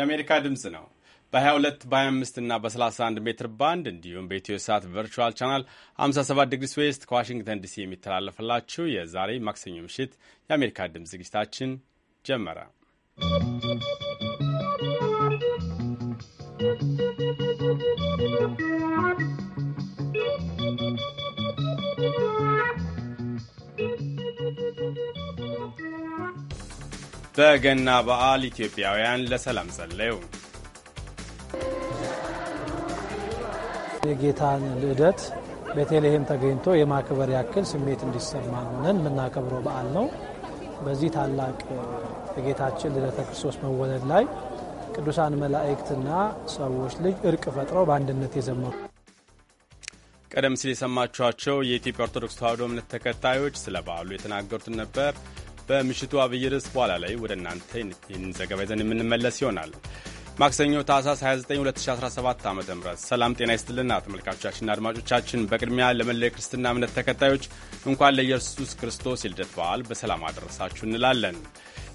የአሜሪካ ድምፅ ነው። በ22 በ25 እና በ31 ሜትር ባንድ እንዲሁም በኢትዮ ሳት ቨርቹዋል ቻናል 57 ዲግሪስ ዌስት ከዋሽንግተን ዲሲ የሚተላለፍላችሁ የዛሬ ማክሰኞ ምሽት የአሜሪካ ድምፅ ዝግጅታችን ጀመረ። በገና በዓል ኢትዮጵያውያን ለሰላም ጸለዩ። የጌታን ልደት ቤተልሔም ተገኝቶ የማክበር ያክል ስሜት እንዲሰማን ሆነን የምናከብረው በዓል ነው። በዚህ ታላቅ የጌታችን ልደተ ክርስቶስ መወለድ ላይ ቅዱሳን መላእክትና ሰዎች ልጅ እርቅ ፈጥረው በአንድነት የዘመሩ ቀደም ሲል የሰማችኋቸው የኢትዮጵያ ኦርቶዶክስ ተዋሕዶ እምነት ተከታዮች ስለ በዓሉ የተናገሩትን ነበር። በምሽቱ አብይ ርዕስ በኋላ ላይ ወደ እናንተ ይህን ዘገባ ይዘን የምንመለስ ይሆናል። ማክሰኞ ታህሳስ 29 2017 ዓ ም ሰላም ጤና ይስጥልና ተመልካቾቻችንና አድማጮቻችን። በቅድሚያ ለመለ ክርስትና እምነት ተከታዮች እንኳን ለኢየሱስ ክርስቶስ የልደት በዓል በሰላም አደረሳችሁ እንላለን።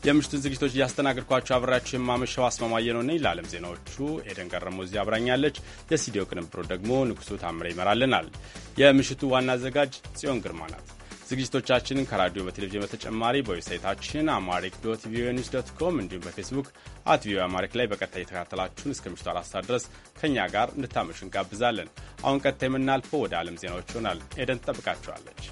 የምሽቱን ዝግጅቶች እያስተናገድኳቸው አብራችሁ የማመሻው አስማማየ ነው ነኝ። ለዓለም ዜናዎቹ ኤደን ገረሞ እዚህ አብራኛለች። የስቱዲዮ ቅንብሮ ደግሞ ንጉሱ ታምረ ይመራልናል። የምሽቱ ዋና አዘጋጅ ጽዮን ግርማ ናት። ዝግጅቶቻችንን ከራዲዮ በቴሌቪዥን በተጨማሪ በዌብሳይታችን አማሪክ ዶት ቪኦኤ ኒውስ ዶት ኮም እንዲሁም በፌስቡክ አት ቪኦኤ አማሪክ ላይ በቀጥታ የተከታተላችሁን እስከ ምሽቱ አራት ሰዓት ድረስ ከእኛ ጋር እንድታመሹ እንጋብዛለን። አሁን ቀጥታ የምናልፈው ወደ ዓለም ዜናዎች ይሆናል። ኤደን ትጠብቃችኋለች።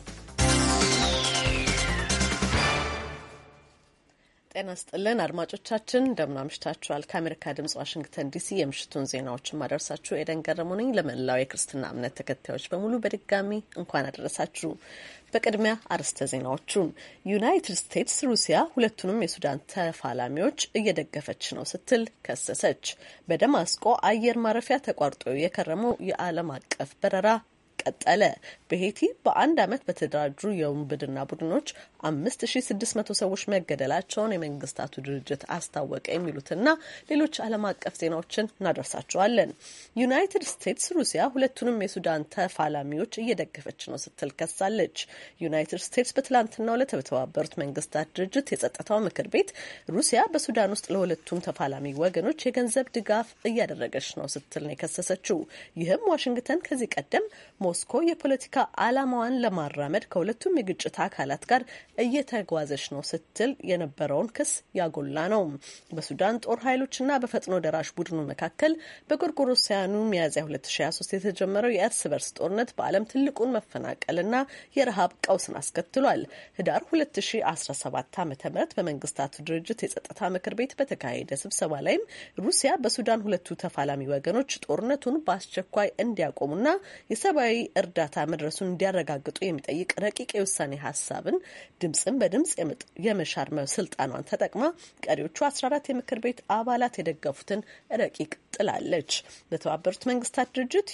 ጤና ስጥልን አድማጮቻችን፣ እንደምናምሽታችኋል። ከአሜሪካ ድምጽ ዋሽንግተን ዲሲ የምሽቱን ዜናዎችን ማደርሳችሁ ኤደን ገረሙ ነኝ። ለመላው የክርስትና እምነት ተከታዮች በሙሉ በድጋሚ እንኳን አደረሳችሁ። በቅድሚያ አርዕስተ ዜናዎቹን። ዩናይትድ ስቴትስ ሩሲያ ሁለቱንም የሱዳን ተፋላሚዎች እየደገፈች ነው ስትል ከሰሰች። በደማስቆ አየር ማረፊያ ተቋርጦ የከረመው የዓለም አቀፍ በረራ ቀጠለ። በሄቲ በአንድ ዓመት በተደራጁ የውንብድና ቡድኖች አምስት ሺ ስድስት መቶ ሰዎች መገደላቸውን የመንግስታቱ ድርጅት አስታወቀ። የሚሉትና ሌሎች ዓለም አቀፍ ዜናዎችን እናደርሳቸዋለን። ዩናይትድ ስቴትስ ሩሲያ ሁለቱንም የሱዳን ተፋላሚዎች እየደገፈች ነው ስትል ከሳለች። ዩናይትድ ስቴትስ በትላንትናው ዕለት በተባበሩት መንግስታት ድርጅት የጸጥታው ምክር ቤት ሩሲያ በሱዳን ውስጥ ለሁለቱም ተፋላሚ ወገኖች የገንዘብ ድጋፍ እያደረገች ነው ስትል ነው የከሰሰችው። ይህም ዋሽንግተን ከዚህ ቀደም ሞስኮ የፖለቲካ ዓላማዋን ለማራመድ ከሁለቱም የግጭት አካላት ጋር እየተጓዘች ነው ስትል የነበረውን ክስ ያጎላ ነው። በሱዳን ጦር ኃይሎችና በፈጥኖ ደራሽ ቡድኑ መካከል በጎርጎሮሳውያኑ ሚያዝያ 2023 የተጀመረው የእርስ በርስ ጦርነት በዓለም ትልቁን መፈናቀልና የረሃብ ቀውስን አስከትሏል። ህዳር 2017 ዓ ም በመንግስታቱ ድርጅት የጸጥታ ምክር ቤት በተካሄደ ስብሰባ ላይም ሩሲያ በሱዳን ሁለቱ ተፋላሚ ወገኖች ጦርነቱን በአስቸኳይ እንዲያቆሙና የሰብአዊ እርዳታ መድረሱ መደረሱን እንዲያረጋግጡ የሚጠይቅ ረቂቅ የውሳኔ ሀሳብን ድምፅን በድምፅ የመሻር ስልጣኗን ተጠቅማ ቀሪዎቹ 14 የምክር ቤት አባላት የደገፉትን ረቂቅ ጥላለች። በተባበሩት መንግስታት ድርጅት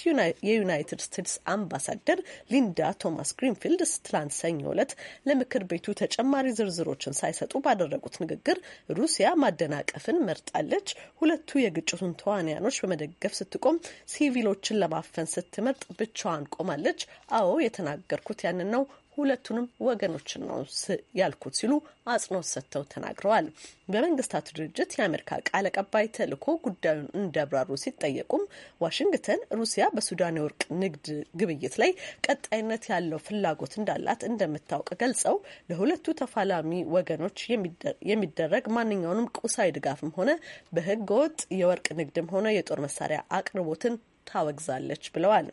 የዩናይትድ ስቴትስ አምባሳደር ሊንዳ ቶማስ ግሪንፊልድ ትላንት ሰኞ ዕለት ለምክር ቤቱ ተጨማሪ ዝርዝሮችን ሳይሰጡ ባደረጉት ንግግር ሩሲያ ማደናቀፍን መርጣለች፣ ሁለቱ የግጭቱን ተዋንያኖች በመደገፍ ስትቆም ሲቪሎችን ለማፈን ስትመርጥ ብቻዋን ቆማለች፣ አዎ የተናገርኩት ያንን ነው ሁለቱንም ወገኖችን ነው ያልኩት ሲሉ አጽንኦት ሰጥተው ተናግረዋል። በመንግስታቱ ድርጅት የአሜሪካ ቃል አቀባይ ተልእኮ ጉዳዩን እንዳብራሩ ሲጠየቁም ዋሽንግተን ሩሲያ በሱዳን የወርቅ ንግድ ግብይት ላይ ቀጣይነት ያለው ፍላጎት እንዳላት እንደምታውቅ ገልጸው ለሁለቱ ተፋላሚ ወገኖች የሚደረግ ማንኛውንም ቁሳዊ ድጋፍም ሆነ በህገወጥ የወርቅ ንግድም ሆነ የጦር መሳሪያ አቅርቦትን ታወግዛለች ብለዋል።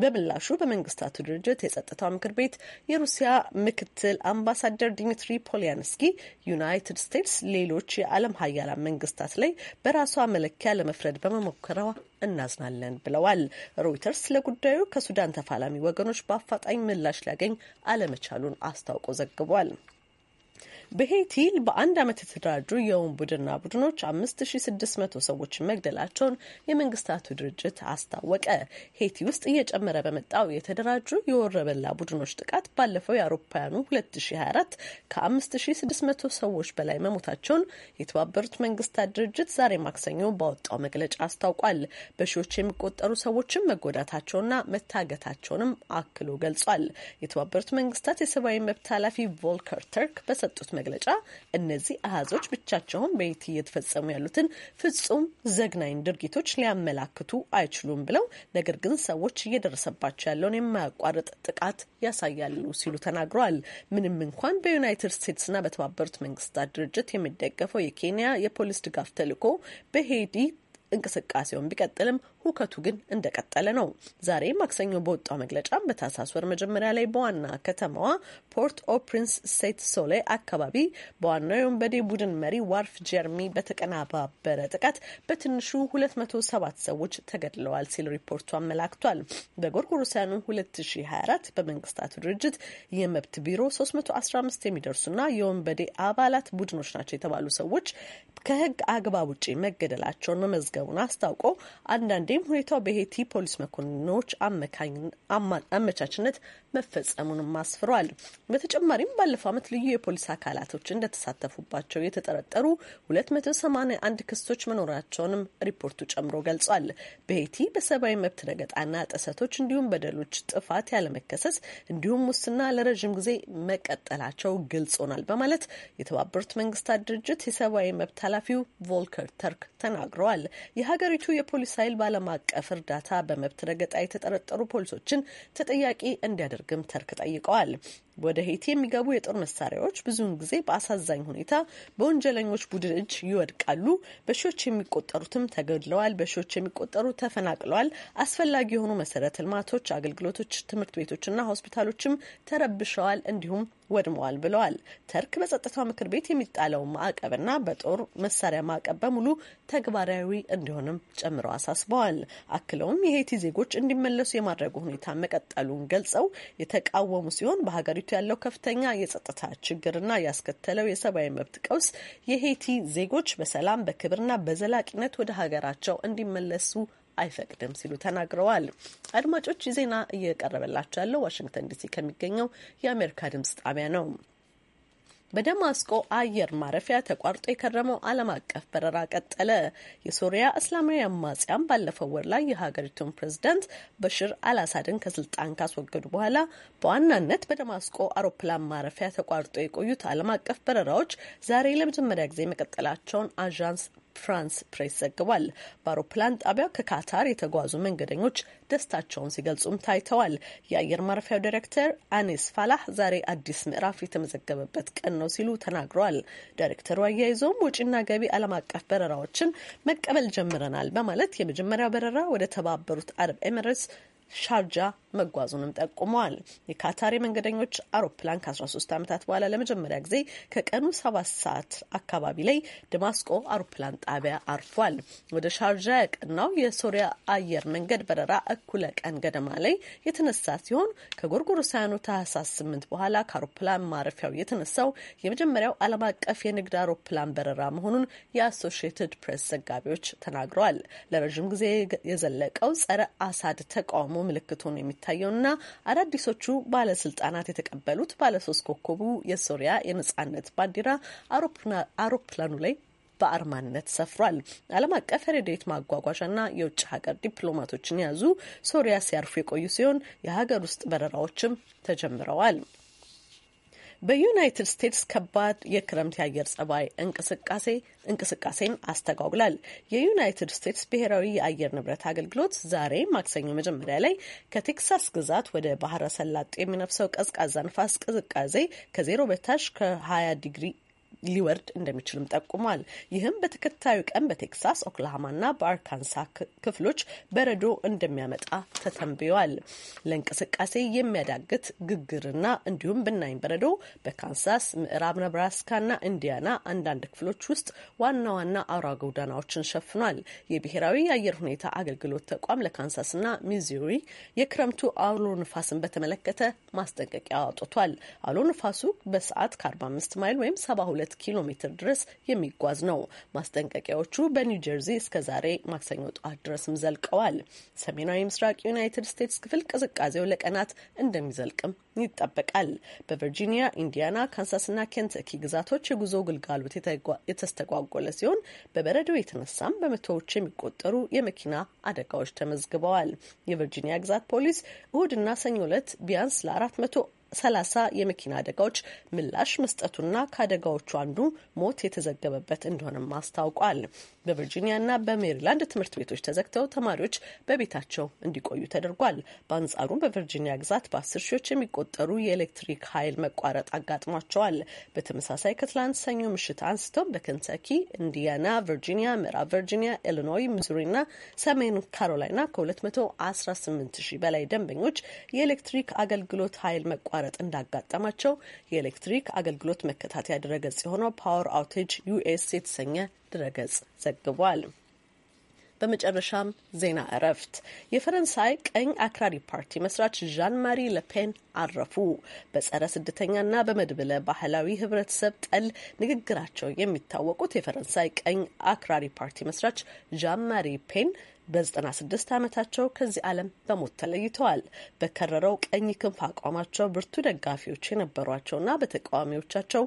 በምላሹ በመንግስታቱ ድርጅት የጸጥታው ምክር ቤት የሩሲያ ምክትል አምባሳደር ዲሚትሪ ፖሊያንስኪ ዩናይትድ ስቴትስ ሌሎች የዓለም ሀያላን መንግስታት ላይ በራሷ መለኪያ ለመፍረድ በመሞከሯ እናዝናለን ብለዋል። ሮይተርስ ለጉዳዩ ከሱዳን ተፋላሚ ወገኖች በአፋጣኝ ምላሽ ሊያገኝ አለመቻሉን አስታውቆ ዘግቧል። በሄይቲ በአንድ ዓመት የተደራጁ ቡድንና ቡድኖች 5600 ሰዎችን መግደላቸውን የመንግስታቱ ድርጅት አስታወቀ። ሄይቲ ውስጥ እየጨመረ በመጣው የተደራጁ የወረበላ ቡድኖች ጥቃት ባለፈው የአውሮፓውያኑ 2024 ከ5600 ሰዎች በላይ መሞታቸውን የተባበሩት መንግስታት ድርጅት ዛሬ ማክሰኞ ባወጣው መግለጫ አስታውቋል። በሺዎች የሚቆጠሩ ሰዎችም መጎዳታቸውና መታገታቸውንም አክሎ ገልጿል። የተባበሩት መንግስታት የሰብአዊ መብት ኃላፊ ቮልከር ተርክ በሰጡት መግለጫ እነዚህ አሃዞች ብቻቸውን በይቲ እየተፈጸሙ ያሉትን ፍጹም ዘግናኝ ድርጊቶች ሊያመላክቱ አይችሉም ብለው ነገር ግን ሰዎች እየደረሰባቸው ያለውን የማያቋርጥ ጥቃት ያሳያሉ ሲሉ ተናግረዋል። ምንም እንኳን በዩናይትድ ስቴትስና በተባበሩት መንግስታት ድርጅት የሚደገፈው የኬንያ የፖሊስ ድጋፍ ተልዕኮ በሄዲ እንቅስቃሴውን ቢቀጥልም ሁከቱ ግን እንደቀጠለ ነው። ዛሬ ማክሰኞ በወጣው መግለጫም በታህሳስ ወር መጀመሪያ ላይ በዋና ከተማዋ ፖርት ኦ ፕሪንስ ሴት ሶሌ አካባቢ በዋናው የወንበዴ ቡድን መሪ ዋርፍ ጀርሚ በተቀናባበረ ጥቃት በትንሹ 207 ሰዎች ተገድለዋል ሲል ሪፖርቱ አመላክቷል። በጎርጎሮሳውያኑ 2024 በመንግስታቱ ድርጅት የመብት ቢሮ 315 የሚደርሱና የወንበዴ አባላት ቡድኖች ናቸው የተባሉ ሰዎች ከህግ አግባብ ውጪ መገደላቸውን መመዝገቡን አስታውቆ አንዳንድ በተጨማሪም ሁኔታው በሄቲ ፖሊስ መኮንኖች አመቻችነት መፈጸሙንም አስፍሯል። በተጨማሪም ባለፈው ዓመት ልዩ የፖሊስ አካላቶች እንደተሳተፉባቸው የተጠረጠሩ 281 ክሶች መኖራቸውንም ሪፖርቱ ጨምሮ ገልጿል። በሄቲ በሰብአዊ መብት ረገጣና ጥሰቶች እንዲሁም በደሎች ጥፋት ያለመከሰስ እንዲሁም ሙስና ለረዥም ጊዜ መቀጠላቸው ግልጽ ሆኗል በማለት የተባበሩት መንግስታት ድርጅት የሰብአዊ መብት ኃላፊው ቮልከር ተርክ ተናግረዋል። የሀገሪቱ የፖሊስ ኃይል በዓለም አቀፍ እርዳታ በመብት ረገጣ የተጠረጠሩ ፖሊሶችን ተጠያቂ እንዲያደርግ እንዲያደርግም ተርክ ጠይቀዋል። ወደ ሄቲ የሚገቡ የጦር መሳሪያዎች ብዙውን ጊዜ በአሳዛኝ ሁኔታ በወንጀለኞች ቡድን እጅ ይወድቃሉ። በሺዎች የሚቆጠሩትም ተገድለዋል። በሺዎች የሚቆጠሩ ተፈናቅለዋል። አስፈላጊ የሆኑ መሰረተ ልማቶች፣ አገልግሎቶች፣ ትምህርት ቤቶችና ሆስፒታሎችም ተረብሸዋል እንዲሁም ወድመዋል ብለዋል። ተርክ በጸጥታው ምክር ቤት የሚጣለው ማዕቀብና በጦር መሳሪያ ማዕቀብ በሙሉ ተግባራዊ እንዲሆንም ጨምረው አሳስበዋል። አክለውም የሄቲ ዜጎች እንዲመለሱ የማድረጉ ሁኔታ መቀጠሉን ገልጸው የተቃወሙ ሲሆን በሀገሪቱ እየገጠማት ያለው ከፍተኛ የጸጥታ ችግርና ያስከተለው የሰብአዊ መብት ቀውስ የሄቲ ዜጎች በሰላም በክብርና በዘላቂነት ወደ ሀገራቸው እንዲመለሱ አይፈቅድም ሲሉ ተናግረዋል። አድማጮች ዜና እየቀረበላቸው ያለው ዋሽንግተን ዲሲ ከሚገኘው የአሜሪካ ድምጽ ጣቢያ ነው። በደማስቆ አየር ማረፊያ ተቋርጦ የከረመው ዓለም አቀፍ በረራ ቀጠለ። የሶሪያ እስላማዊ አማጽያን ባለፈው ወር ላይ የሀገሪቱን ፕሬዝዳንት በሽር አልአሳድን ከስልጣን ካስወገዱ በኋላ በዋናነት በደማስቆ አውሮፕላን ማረፊያ ተቋርጦ የቆዩት ዓለም አቀፍ በረራዎች ዛሬ ለመጀመሪያ ጊዜ መቀጠላቸውን አዣንስ ፍራንስ ፕሬስ ዘግቧል። በአውሮፕላን ጣቢያው ከካታር የተጓዙ መንገደኞች ደስታቸውን ሲገልጹም ታይተዋል። የአየር ማረፊያው ዳይሬክተር አኔስ ፋላህ ዛሬ አዲስ ምዕራፍ የተመዘገበበት ቀን ነው ሲሉ ተናግረዋል። ዳይሬክተሩ አያይዘውም ውጪና ገቢ ዓለም አቀፍ በረራዎችን መቀበል ጀምረናል በማለት የመጀመሪያው በረራ ወደ ተባበሩት አረብ ኤምሬትስ ሻርጃ መጓዙንም ጠቁመዋል። የካታር የመንገደኞች አውሮፕላን ከ13 ዓመታት በኋላ ለመጀመሪያ ጊዜ ከቀኑ ሰባት ሰዓት አካባቢ ላይ ደማስቆ አውሮፕላን ጣቢያ አርፏል። ወደ ሻርጃ ያቀናው የሶሪያ አየር መንገድ በረራ እኩለ ቀን ገደማ ላይ የተነሳ ሲሆን ከጎርጎሮሳውያኑ ታህሳስ 8 በኋላ ከአውሮፕላን ማረፊያው የተነሳው የመጀመሪያው ዓለም አቀፍ የንግድ አውሮፕላን በረራ መሆኑን የአሶሽየትድ ፕሬስ ዘጋቢዎች ተናግረዋል። ለረዥም ጊዜ የዘለቀው ጸረ አሳድ ተቃውሞ ምልክቱን የሚ የሚታየውና አዳዲሶቹ ባለስልጣናት የተቀበሉት ባለሶስት ኮከቡ የሶሪያ የነጻነት ባንዲራ አውሮፕላኑ ላይ በአርማነት ሰፍሯል። ዓለም አቀፍ የረድኤት ማጓጓዣና የውጭ ሀገር ዲፕሎማቶችን የያዙ ሶሪያ ሲያርፉ የቆዩ ሲሆን የሀገር ውስጥ በረራዎችም ተጀምረዋል። በዩናይትድ ስቴትስ ከባድ የክረምት የአየር ጸባይ እንቅስቃሴ እንቅስቃሴን አስተጓጉላል። የዩናይትድ ስቴትስ ብሔራዊ የአየር ንብረት አገልግሎት ዛሬ ማክሰኞ መጀመሪያ ላይ ከቴክሳስ ግዛት ወደ ባህረ ሰላጤ የሚነፍሰው ቀዝቃዛ ንፋስ ቅዝቃዜ ከዜሮ በታች ከ20 ዲግሪ ሊወርድ እንደሚችልም ጠቁሟል። ይህም በተከታዩ ቀን በቴክሳስ ኦክላሃማና በአርካንሳ ክፍሎች በረዶ እንደሚያመጣ ተተንብዋል። ለእንቅስቃሴ የሚያዳግት ግግርና እንዲሁም ብናኝ በረዶ በካንሳስ፣ ምዕራብ ነብራስካና ኢንዲያና አንዳንድ ክፍሎች ውስጥ ዋና ዋና አውራ ጎዳናዎችን ሸፍኗል። የብሔራዊ የአየር ሁኔታ አገልግሎት ተቋም ለካንሳስና ሚዙሪ የክረምቱ አውሎ ንፋስን በተመለከተ ማስጠንቀቂያ አውጥቷል። አውሎ ንፋሱ በሰዓት ከ45 ማይል ወይም 72 ሁለት ኪሎ ሜትር ድረስ የሚጓዝ ነው። ማስጠንቀቂያዎቹ በኒው ጀርዚ እስከ ዛሬ ማክሰኞ ጠዋት ድረስም ዘልቀዋል። ሰሜናዊ ምስራቅ ዩናይትድ ስቴትስ ክፍል ቅዝቃዜው ለቀናት እንደሚዘልቅም ይጠበቃል። በቨርጂኒያ፣ ኢንዲያና፣ ካንሳስና ኬንተኪ ግዛቶች የጉዞ ግልጋሎት የተስተጓጎለ ሲሆን በበረዶ የተነሳም በመቶዎች የሚቆጠሩ የመኪና አደጋዎች ተመዝግበዋል። የቨርጂኒያ ግዛት ፖሊስ እሁድና ሰኞ ዕለት ቢያንስ ለአራት መቶ ሰላሳ የመኪና አደጋዎች ምላሽ መስጠቱና ከአደጋዎቹ አንዱ ሞት የተዘገበበት እንደሆነም አስታውቋል። በቨርጂኒያና በሜሪላንድ ትምህርት ቤቶች ተዘግተው ተማሪዎች በቤታቸው እንዲቆዩ ተደርጓል። በአንጻሩም በቨርጂኒያ ግዛት በአስር ሺዎች የሚቆጠሩ የኤሌክትሪክ ኃይል መቋረጥ አጋጥሟቸዋል። በተመሳሳይ ከትላንት ሰኞ ምሽት አንስተው በከንተኪ፣ ኢንዲያና፣ ቨርጂኒያ፣ ምዕራብ ቨርጂኒያ፣ ኢሊኖይ፣ ሚዙሪና ሰሜን ካሮላይና ከ218 ሺህ በላይ ደንበኞች የኤሌክትሪክ አገልግሎት ኃይል መቋረጥ እንዳጋጠማቸው የኤሌክትሪክ አገልግሎት መከታተያ ድረገጽ የሆነው ፓወር አውቴጅ ዩኤስ የተሰኘ ድረገጽ ዘግቧል። በመጨረሻም ዜና እረፍት። የፈረንሳይ ቀኝ አክራሪ ፓርቲ መስራች ዣን ማሪ ለፔን አረፉ። በጸረ ስደተኛና በመድብለ ባህላዊ ህብረተሰብ ጠል ንግግራቸው የሚታወቁት የፈረንሳይ ቀኝ አክራሪ ፓርቲ መስራች ዣን ማሪ ፔን በ96 ዓመታቸው ከዚህ ዓለም በሞት ተለይተዋል። በከረረው ቀኝ ክንፍ አቋማቸው ብርቱ ደጋፊዎች የነበሯቸውና በተቃዋሚዎቻቸው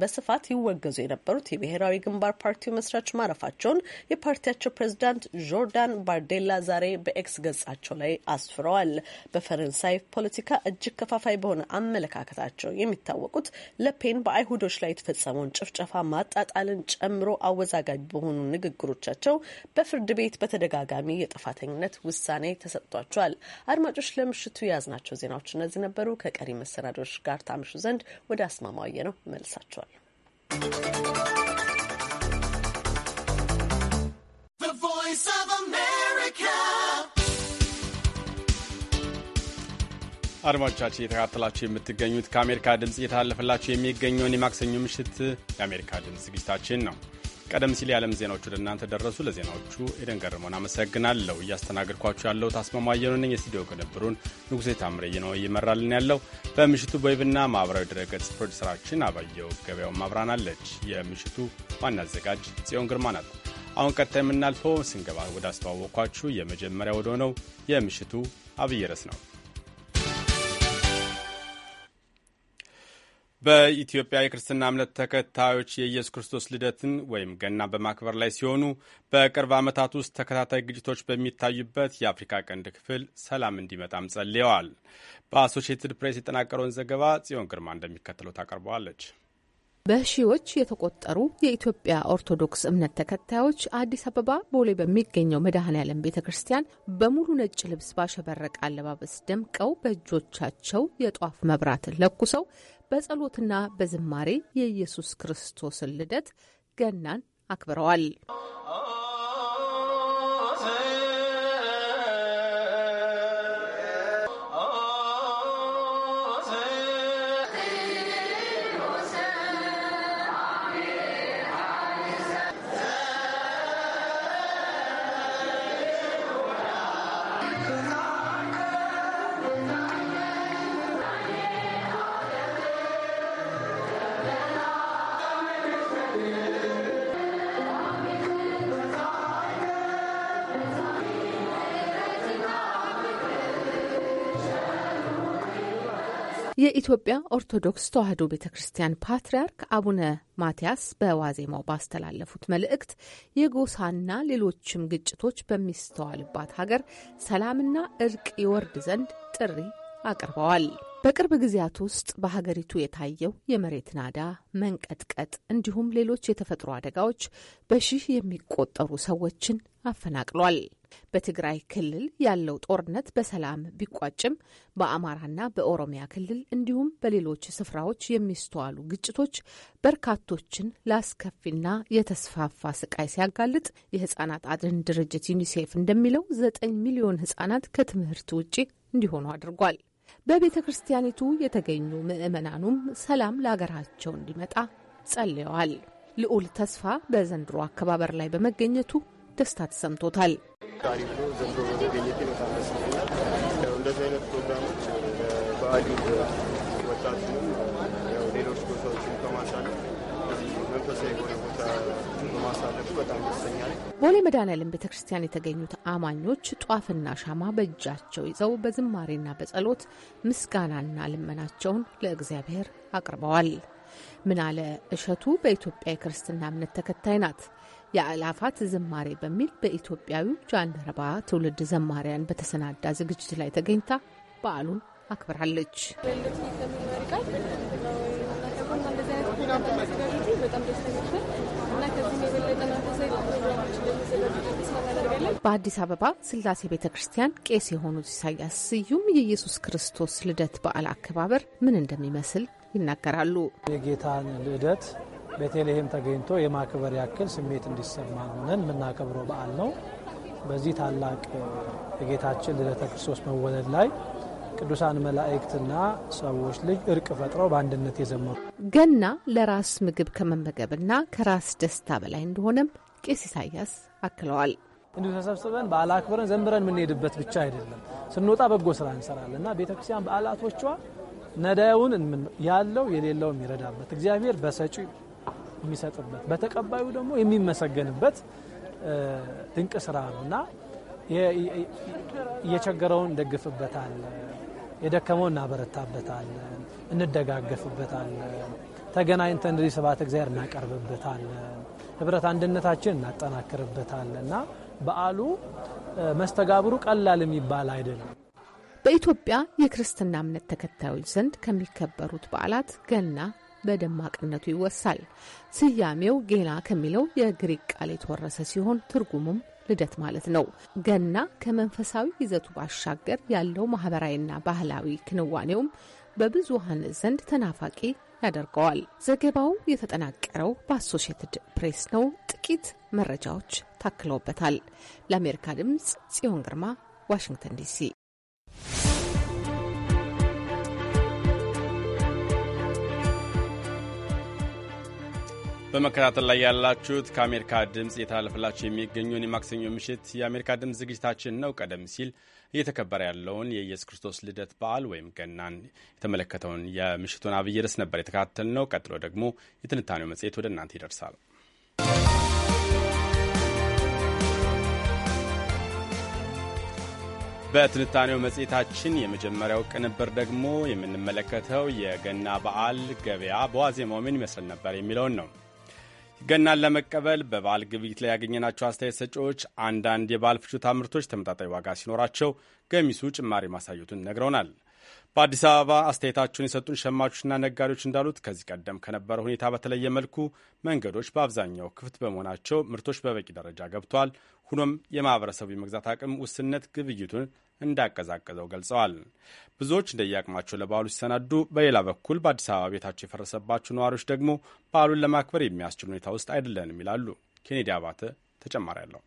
በስፋት ይወገዙ የነበሩት የብሔራዊ ግንባር ፓርቲው መስራች ማረፋቸውን የፓርቲያቸው ፕሬዚዳንት ጆርዳን ባርዴላ ዛሬ በኤክስ ገጻቸው ላይ አስፍረዋል። በፈረንሳይ ፖለቲካ እጅግ ከፋፋይ በሆነ አመለካከታቸው የሚታወቁት ለፔን በአይሁዶች ላይ የተፈጸመውን ጭፍጨፋ ማጣጣልን ጨምሮ አወዛጋጅ በሆኑ ንግግሮቻቸው በፍርድ ቤት በተደጋ ተደጋጋሚ የጥፋተኝነት ውሳኔ ተሰጥቷቸዋል። አድማጮች ለምሽቱ የያዝናቸው ዜናዎች እነዚህ ነበሩ። ከቀሪ መሰናዶች ጋር ታምሹ ዘንድ ወደ አስማማየ ነው መልሳቸዋል። አድማጮቻችን እየተካተላችሁ የምትገኙት ከአሜሪካ ድምፅ እየተላለፈላችሁ የሚገኘውን የማክሰኞ ምሽት የአሜሪካ ድምፅ ዝግጅታችን ነው። ቀደም ሲል የዓለም ዜናዎች ወደ እናንተ ደረሱ። ለዜናዎቹ ኤደን ገርመን አመሰግናለሁ። እያስተናገድኳችሁ ያለው ታስማማየኑ ነኝ። የስቱዲዮ ቅንብሩን ንጉሴ ታምሬ ነው እየመራልን ያለው። በምሽቱ በዌብና ማኅበራዊ ድረገጽ ፕሮዲሰራችን አባየው ገበያው ማብራናለች። የምሽቱ ዋና አዘጋጅ ጽዮን ግርማ ናት። አሁን ቀጥታ የምናልፈው ስንገባ ወደ አስተዋወቅኳችሁ የመጀመሪያ ወደ ሆነው የምሽቱ አብይ ርዕስ ነው። በኢትዮጵያ የክርስትና እምነት ተከታዮች የኢየሱስ ክርስቶስ ልደትን ወይም ገና በማክበር ላይ ሲሆኑ በቅርብ ዓመታት ውስጥ ተከታታይ ግጭቶች በሚታዩበት የአፍሪካ ቀንድ ክፍል ሰላም እንዲመጣም ጸልየዋል። በአሶሺየትድ ፕሬስ የጠናቀረውን ዘገባ ጽዮን ግርማ እንደሚከተለው ታቀርበዋለች። በሺዎች የተቆጠሩ የኢትዮጵያ ኦርቶዶክስ እምነት ተከታዮች አዲስ አበባ ቦሌ በሚገኘው መድኃኔ ዓለም ቤተ ክርስቲያን በሙሉ ነጭ ልብስ ባሸበረቀ አለባበስ ደምቀው በእጆቻቸው የጧፍ መብራት ለኩሰው በጸሎትና በዝማሬ የኢየሱስ ክርስቶስን ልደት ገናን አክብረዋል። የኢትዮጵያ ኦርቶዶክስ ተዋሕዶ ቤተ ክርስቲያን ፓትርያርክ አቡነ ማቲያስ በዋዜማው ባስተላለፉት መልእክት የጎሳና ሌሎችም ግጭቶች በሚስተዋልባት ሀገር ሰላምና እርቅ ይወርድ ዘንድ ጥሪ አቅርበዋል። በቅርብ ጊዜያት ውስጥ በሀገሪቱ የታየው የመሬት ናዳ፣ መንቀጥቀጥ እንዲሁም ሌሎች የተፈጥሮ አደጋዎች በሺህ የሚቆጠሩ ሰዎችን አፈናቅሏል። በትግራይ ክልል ያለው ጦርነት በሰላም ቢቋጭም በአማራና በኦሮሚያ ክልል እንዲሁም በሌሎች ስፍራዎች የሚስተዋሉ ግጭቶች በርካቶችን ለአስከፊና የተስፋፋ ስቃይ ሲያጋልጥ የህጻናት አድን ድርጅት ዩኒሴፍ እንደሚለው ዘጠኝ ሚሊዮን ህጻናት ከትምህርት ውጪ እንዲሆኑ አድርጓል። በቤተ ክርስቲያኒቱ የተገኙ ምዕመናኑም ሰላም ለሀገራቸው እንዲመጣ ጸልየዋል። ልዑል ተስፋ በዘንድሮ አከባበር ላይ በመገኘቱ ደስታ ተሰምቶታል። ታሪኩ ዘንድሮ መዘገኘቴ በጣም ደስ ይለኛል። እንደዚህ አይነት ፕሮግራሞች በዓሉ ወጣቱንም ሌሎች ቦታዎችን በማሳለፍ ቦሌ መድኃኔዓለም ቤተ ክርስቲያን የተገኙት አማኞች ጧፍና ሻማ በእጃቸው ይዘው በዝማሬና በጸሎት ምስጋናና ልመናቸውን ለእግዚአብሔር አቅርበዋል። ምናለ እሸቱ በኢትዮጵያ የክርስትና እምነት ተከታይ ናት። የአላፋት ዝማሬ በሚል በኢትዮጵያዊው ጃንደረባ ትውልድ ዘማሪያን በተሰናዳ ዝግጅት ላይ ተገኝታ በዓሉን አክብራለች። በአዲስ አበባ ስላሴ ቤተ ክርስቲያን ቄስ የሆኑት ኢሳያስ ስዩም የኢየሱስ ክርስቶስ ልደት በዓል አከባበር ምን እንደሚመስል ይናገራሉ። የጌታን ልደት ቤተልሔም ተገኝቶ የማክበር ያክል ስሜት እንዲሰማ ሆነን የምናከብረው በዓል ነው። በዚህ ታላቅ የጌታችን ልደተ ክርስቶስ መወለድ ላይ ቅዱሳን መላእክትና ሰዎች ልጅ እርቅ ፈጥረው በአንድነት የዘመሩ ገና ለራስ ምግብ ከመመገብና ከራስ ደስታ በላይ እንደሆነም ቄስ ኢሳያስ አክለዋል። እንዲሁ ተሰብስበን በዓል አክብረን ዘምረን የምንሄድበት ብቻ አይደለም። ስንወጣ በጎ ስራ እንሰራለን እና ቤተክርስቲያን በዓላቶቿ ነዳዩን ያለው የሌለው የሚረዳበት እግዚአብሔር በሰጪ የሚሰጥበት በተቀባዩ ደግሞ የሚመሰገንበት ድንቅ ስራ ነው እና የቸገረውን እንደግፍበታለን፣ የደከመውን እናበረታበታለን፣ እንደጋገፍበታለን፣ ተገናኝተን እንዲህ ስብሐተ እግዚአብሔር እናቀርብበታለን፣ ህብረት አንድነታችን እናጠናክርበታለን እና በዓሉ መስተጋብሩ ቀላል የሚባል አይደለም። በኢትዮጵያ የክርስትና እምነት ተከታዮች ዘንድ ከሚከበሩት በዓላት ገና በደማቅነቱ ይወሳል። ስያሜው ጌና ከሚለው የግሪክ ቃል የተወረሰ ሲሆን ትርጉሙም ልደት ማለት ነው። ገና ከመንፈሳዊ ይዘቱ ባሻገር ያለው ማህበራዊና ባህላዊ ክንዋኔውም በብዙሃን ዘንድ ተናፋቂ ያደርገዋል። ዘገባው የተጠናቀረው በአሶሺየትድ ፕሬስ ነው። ጥቂት መረጃዎች ታክለውበታል። ለአሜሪካ ድምፅ ጽዮን ግርማ ዋሽንግተን ዲሲ በመከታተል ላይ ያላችሁት ከአሜሪካ ድምፅ እየተላለፈላችሁ የሚገኘውን የማክሰኞ ምሽት የአሜሪካ ድምፅ ዝግጅታችን ነው። ቀደም ሲል እየተከበረ ያለውን የኢየሱስ ክርስቶስ ልደት በዓል ወይም ገናን የተመለከተውን የምሽቱን አብይ ርዕስ ነበር የተከታተል ነው። ቀጥሎ ደግሞ የትንታኔው መጽሔት ወደ እናንተ ይደርሳል። በትንታኔው መጽሔታችን የመጀመሪያው ቅንብር ደግሞ የምንመለከተው የገና በዓል ገበያ በዋዜማው ምን ይመስል ነበር የሚለውን ነው። ገናን ለመቀበል በበዓል ግብይት ላይ ያገኘናቸው አስተያየት ሰጪዎች አንዳንድ የበዓል ፍጆታ ምርቶች ተመጣጣኝ ዋጋ ሲኖራቸው ገሚሱ ጭማሪ ማሳየቱን ነግረውናል። በአዲስ አበባ አስተያየታቸውን የሰጡን ሸማቾችና ነጋዴዎች እንዳሉት ከዚህ ቀደም ከነበረ ሁኔታ በተለየ መልኩ መንገዶች በአብዛኛው ክፍት በመሆናቸው ምርቶች በበቂ ደረጃ ገብተዋል። ሆኖም የማህበረሰቡ የመግዛት አቅም ውስንነት ግብይቱን እንዳቀዛቀዘው ገልጸዋል። ብዙዎች እንደየአቅማቸው ለበዓሉ ሲሰናዱ፣ በሌላ በኩል በአዲስ አበባ ቤታቸው የፈረሰባቸው ነዋሪዎች ደግሞ በዓሉን ለማክበር የሚያስችል ሁኔታ ውስጥ አይደለንም ይላሉ። ኬኔዲ አባተ ተጨማሪ አለው።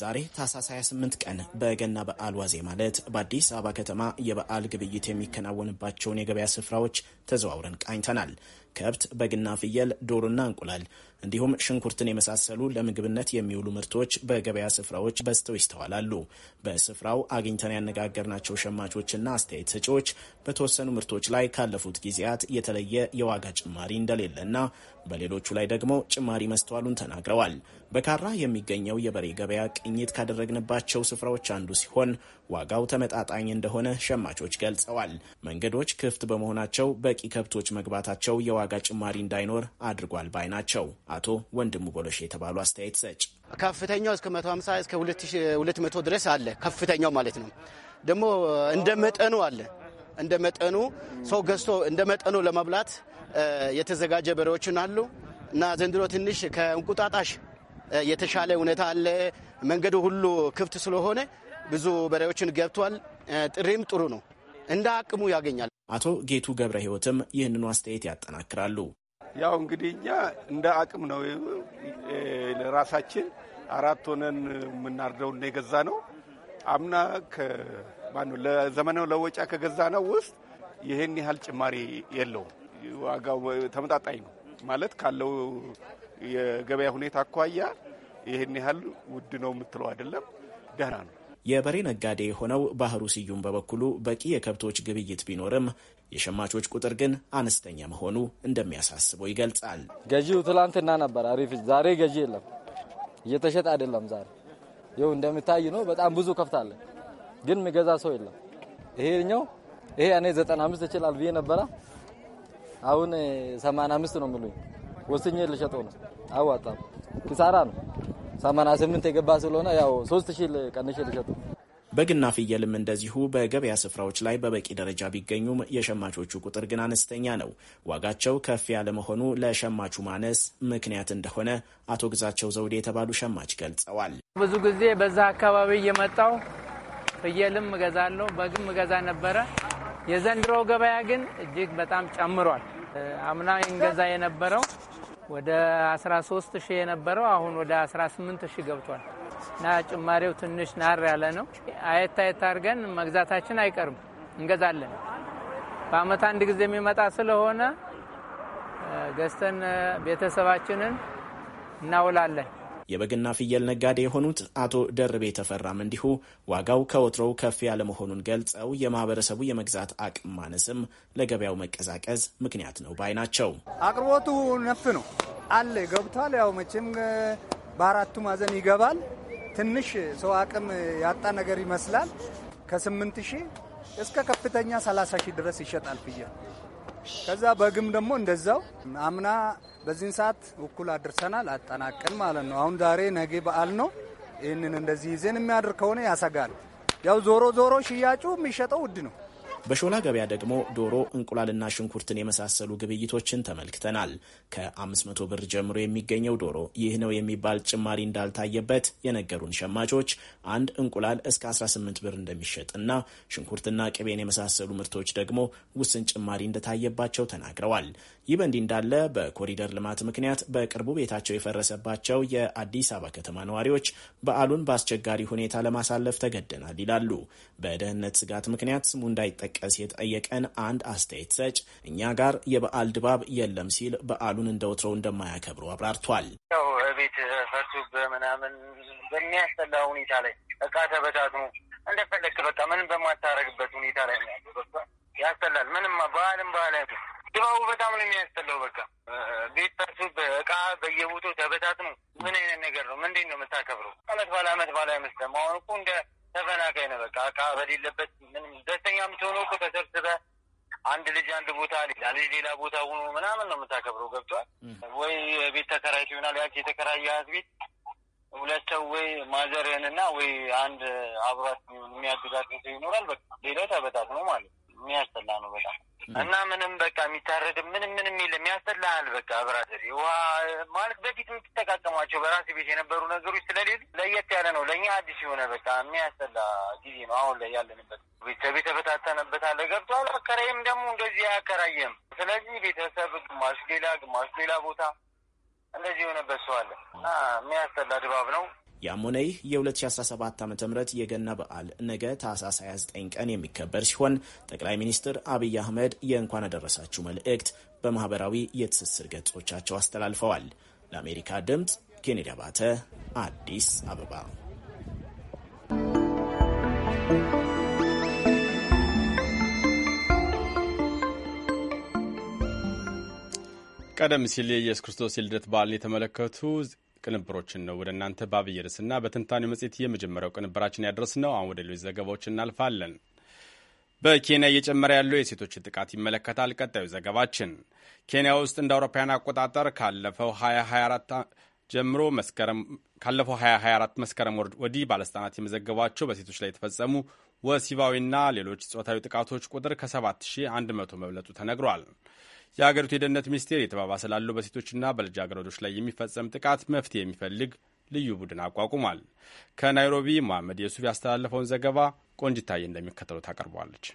ዛሬ ታህሳስ 28 ቀን በገና በዓል ዋዜ ማለት በአዲስ አበባ ከተማ የበዓል ግብይት የሚከናወንባቸውን የገበያ ስፍራዎች ተዘዋውረን ቃኝተናል። ከብት፣ በግና ፍየል፣ ዶሮና እንቁላል እንዲሁም ሽንኩርትን የመሳሰሉ ለምግብነት የሚውሉ ምርቶች በገበያ ስፍራዎች በዝተው ይስተዋላሉ። በስፍራው አግኝተን ያነጋገርናቸው ሸማቾችና አስተያየት ሰጪዎች በተወሰኑ ምርቶች ላይ ካለፉት ጊዜያት የተለየ የዋጋ ጭማሪ እንደሌለና በሌሎቹ ላይ ደግሞ ጭማሪ መስተዋሉን ተናግረዋል። በካራ የሚገኘው የበሬ ገበያ ቅኝት ካደረግንባቸው ስፍራዎች አንዱ ሲሆን ዋጋው ተመጣጣኝ እንደሆነ ሸማቾች ገልጸዋል። መንገዶች ክፍት በመሆናቸው በቂ ከብቶች መግባታቸው የዋጋ ጭማሪ እንዳይኖር አድርጓል ባይ ናቸው። አቶ ወንድሙ ቦሎሽ የተባሉ አስተያየት ሰጭ ከፍተኛው እስከ 150 እስከ 200 ድረስ አለ። ከፍተኛው ማለት ነው። ደግሞ እንደ መጠኑ አለ። እንደ መጠኑ ሰው ገዝቶ እንደ መጠኑ ለመብላት የተዘጋጀ በሬዎችን አሉ እና ዘንድሮ ትንሽ ከእንቁጣጣሽ የተሻለ እውነታ አለ። መንገዱ ሁሉ ክፍት ስለሆነ ብዙ በሬዎችን ገብቷል። ጥሪም ጥሩ ነው። እንደ አቅሙ ያገኛል። አቶ ጌቱ ገብረ ህይወትም ይህንኑ አስተያየት ያጠናክራሉ። ያው እንግዲህ እኛ እንደ አቅም ነው ለራሳችን አራት ሆነን የምናርደው የገዛ ነው። አምና ማነው ለዘመናዊ ለወጫ ከገዛ ነው ውስጥ ይህን ያህል ጭማሪ የለውም። ዋጋው ተመጣጣኝ ነው ማለት ካለው የገበያ ሁኔታ አኳያ ይህን ያህል ውድ ነው የምትለው አይደለም፣ ደህና ነው። የበሬ ነጋዴ የሆነው ባህሩ ስዩም በበኩሉ በቂ የከብቶች ግብይት ቢኖርም የሸማቾች ቁጥር ግን አነስተኛ መሆኑ እንደሚያሳስበው ይገልጻል። ገዢው ትላንትና ነበር አሪፍ፣ ዛሬ ገዢ የለም፣ እየተሸጠ አይደለም። ዛሬ ይኸው እንደሚታይ ነው። በጣም ብዙ ከብት አለ፣ ግን የሚገዛ ሰው የለም። ይሄኛው ይሄ እኔ 95 ይችላል ብዬ ነበረ፣ አሁን 85 ነው የሚሉኝ ወስኜ ልሸጠው ነው። አዋጣም ኪሳራ ነው። 88 የገባ ስለሆነ ያው 3000 ቀንሼ ልሸጠው በግና ፍየልም እንደዚሁ በገበያ ስፍራዎች ላይ በበቂ ደረጃ ቢገኙም የሸማቾቹ ቁጥር ግን አነስተኛ ነው። ዋጋቸው ከፍ ያለ መሆኑ ለሸማቹ ማነስ ምክንያት እንደሆነ አቶ ግዛቸው ዘውዴ የተባሉ ሸማች ገልጸዋል። ብዙ ጊዜ በዛ አካባቢ እየመጣው ፍየልም እገዛለሁ፣ በግም እገዛ ነበረ። የዘንድሮ ገበያ ግን እጅግ በጣም ጨምሯል። አምና እንገዛ የነበረው ወደ 13 ሺህ የነበረው አሁን ወደ 18 ሺህ ገብቷል እና ጭማሪው ትንሽ ናር ያለ ነው። አየት አየት አድርገን መግዛታችን አይቀርም፣ እንገዛለን። በአመት አንድ ጊዜ የሚመጣ ስለሆነ ገዝተን ቤተሰባችንን እናውላለን። የበግና ፍየል ነጋዴ የሆኑት አቶ ደርቤ ተፈራም እንዲሁ ዋጋው ከወትሮው ከፍ ያለ መሆኑን ገልጸው የማህበረሰቡ የመግዛት አቅም ማነስም ለገበያው መቀዛቀዝ ምክንያት ነው ባይ ናቸው። አቅርቦቱ ነፍ ነው አለ ገብቷል። ያው መቼም በአራቱ ማዘን ይገባል። ትንሽ ሰው አቅም ያጣ ነገር ይመስላል። ከ8 ሺህ እስከ ከፍተኛ 30 ሺህ ድረስ ይሸጣል ፍየል ከዛ በግም ደግሞ እንደዛው አምና በዚህን ሰዓት እኩል አድርሰናል አጠናቀን ማለት ነው። አሁን ዛሬ ነገ በዓል ነው። ይህንን እንደዚህ ይዜን የሚያድር ከሆነ ያሰጋል። ያው ዞሮ ዞሮ ሽያጩ የሚሸጠው ውድ ነው። በሾላ ገበያ ደግሞ ዶሮ፣ እንቁላልና ሽንኩርትን የመሳሰሉ ግብይቶችን ተመልክተናል። ከ500 ብር ጀምሮ የሚገኘው ዶሮ ይህ ነው የሚባል ጭማሪ እንዳልታየበት የነገሩን ሸማቾች አንድ እንቁላል እስከ 18 ብር እንደሚሸጥና ሽንኩርትና ቅቤን የመሳሰሉ ምርቶች ደግሞ ውስን ጭማሪ እንደታየባቸው ተናግረዋል። ይህ በእንዲህ እንዳለ በኮሪደር ልማት ምክንያት በቅርቡ ቤታቸው የፈረሰባቸው የአዲስ አበባ ከተማ ነዋሪዎች በዓሉን በአስቸጋሪ ሁኔታ ለማሳለፍ ተገደናል ይላሉ። በደህንነት ስጋት ምክንያት ስሙ እንዳይጠቀስ የጠየቀን አንድ አስተያየት ሰጭ እኛ ጋር የበዓል ድባብ የለም ሲል በዓሉን እንደ ወትሮው እንደማያከብሩ አብራርቷል። ያው ቤት ፈርሱ በምናምን በሚያስጠላ ሁኔታ ላይ እቃ ተበታትኖ እንደፈለግ በቃ ምንም በማታረግበት ሁኔታ ላይ ያስጠላል። ምንም በዓልም በዓል ድባቡ በጣም ነው የሚያስጠላው። በቃ ቤት ጠርሱ፣ እቃ በየቦታው ተበታትኖ ምን አይነት ነገር ነው? ምንድን ነው የምታከብረው? አመት ባለ አመት ባለ አይመስለም። አሁን እኮ እንደ ተፈናቃይ ነው። በቃ እቃ በሌለበት ምንም ደስተኛ የምትሆነው እኮ ተሰብስበ አንድ ልጅ አንድ ቦታ ሌላ ልጅ ሌላ ቦታ ሆኖ ምናምን ነው የምታከብረው። ገብቷል ወይ? ቤት ተከራይ ሲሆናል ያቺ የተከራያት ቤት ሁለት ሰው ወይ ማዘርህን እና ወይ አንድ አብሯት የሚያግዛት ሰው ይኖራል። በቃ ሌላው ተበታት ነው ማለት የሚያስጠላ ነው በጣም እና ምንም በቃ የሚታረድ ምንም ምንም የለም። ያስጠላሃል። በቃ ብራዘር ማለት በፊት የምትጠቃቀሟቸው በራሴ ቤት የነበሩ ነገሮች ስለሌሉ ለየት ያለ ነው። ለእኛ አዲስ የሆነ በቃ የሚያስጠላ ጊዜ ነው አሁን ላይ ያለንበት። ቤተሰብ አለ ገብቷል። አከራይም ደግሞ እንደዚህ አያከራየም። ስለዚህ ቤተሰብ ግማሽ ሌላ ግማሽ ሌላ ቦታ እንደዚህ የሆነበት ሰው አለ። የሚያስጠላ ድባብ ነው። ያም ሆነ ይህ የ2017 ዓ ም የገና በዓል ነገ ታህሳስ 29 ቀን የሚከበር ሲሆን ጠቅላይ ሚኒስትር አብይ አህመድ የእንኳን አደረሳችሁ መልእክት በማህበራዊ የትስስር ገጾቻቸው አስተላልፈዋል። ለአሜሪካ ድምፅ ኬኔዲ አባተ አዲስ አበባ። ቀደም ሲል የኢየሱስ ክርስቶስ የልደት በዓልን የተመለከቱ ቅንብሮችን ነው ወደ እናንተ በአብይ ርዕስና በትንታኔው መጽሔት የመጀመሪያው ቅንብራችን ያደረስ ነው። አሁን ወደ ሌሎች ዘገባዎች እናልፋለን። በኬንያ እየጨመረ ያለው የሴቶችን ጥቃት ይመለከታል ቀጣዩ ዘገባችን። ኬንያ ውስጥ እንደ አውሮፓውያን አቆጣጠር ካለፈው 2024 ጀምሮ መስከረም ካለፈው 2024 መስከረም ወዲህ ባለስልጣናት የመዘገቧቸው በሴቶች ላይ የተፈጸሙ ወሲባዊና ሌሎች ጾታዊ ጥቃቶች ቁጥር ከ7100 መብለጡ ተነግሯል። የአገሪቱ የደህንነት ሚኒስቴር የተባባሰ ላለው በሴቶችና በልጃገረዶች ላይ የሚፈጸም ጥቃት መፍትሄ የሚፈልግ ልዩ ቡድን አቋቁሟል። ከናይሮቢ መሐመድ የሱፍ ያስተላለፈውን ዘገባ ቆንጅታዬ እንደሚከተሉ ታቀርበዋለች።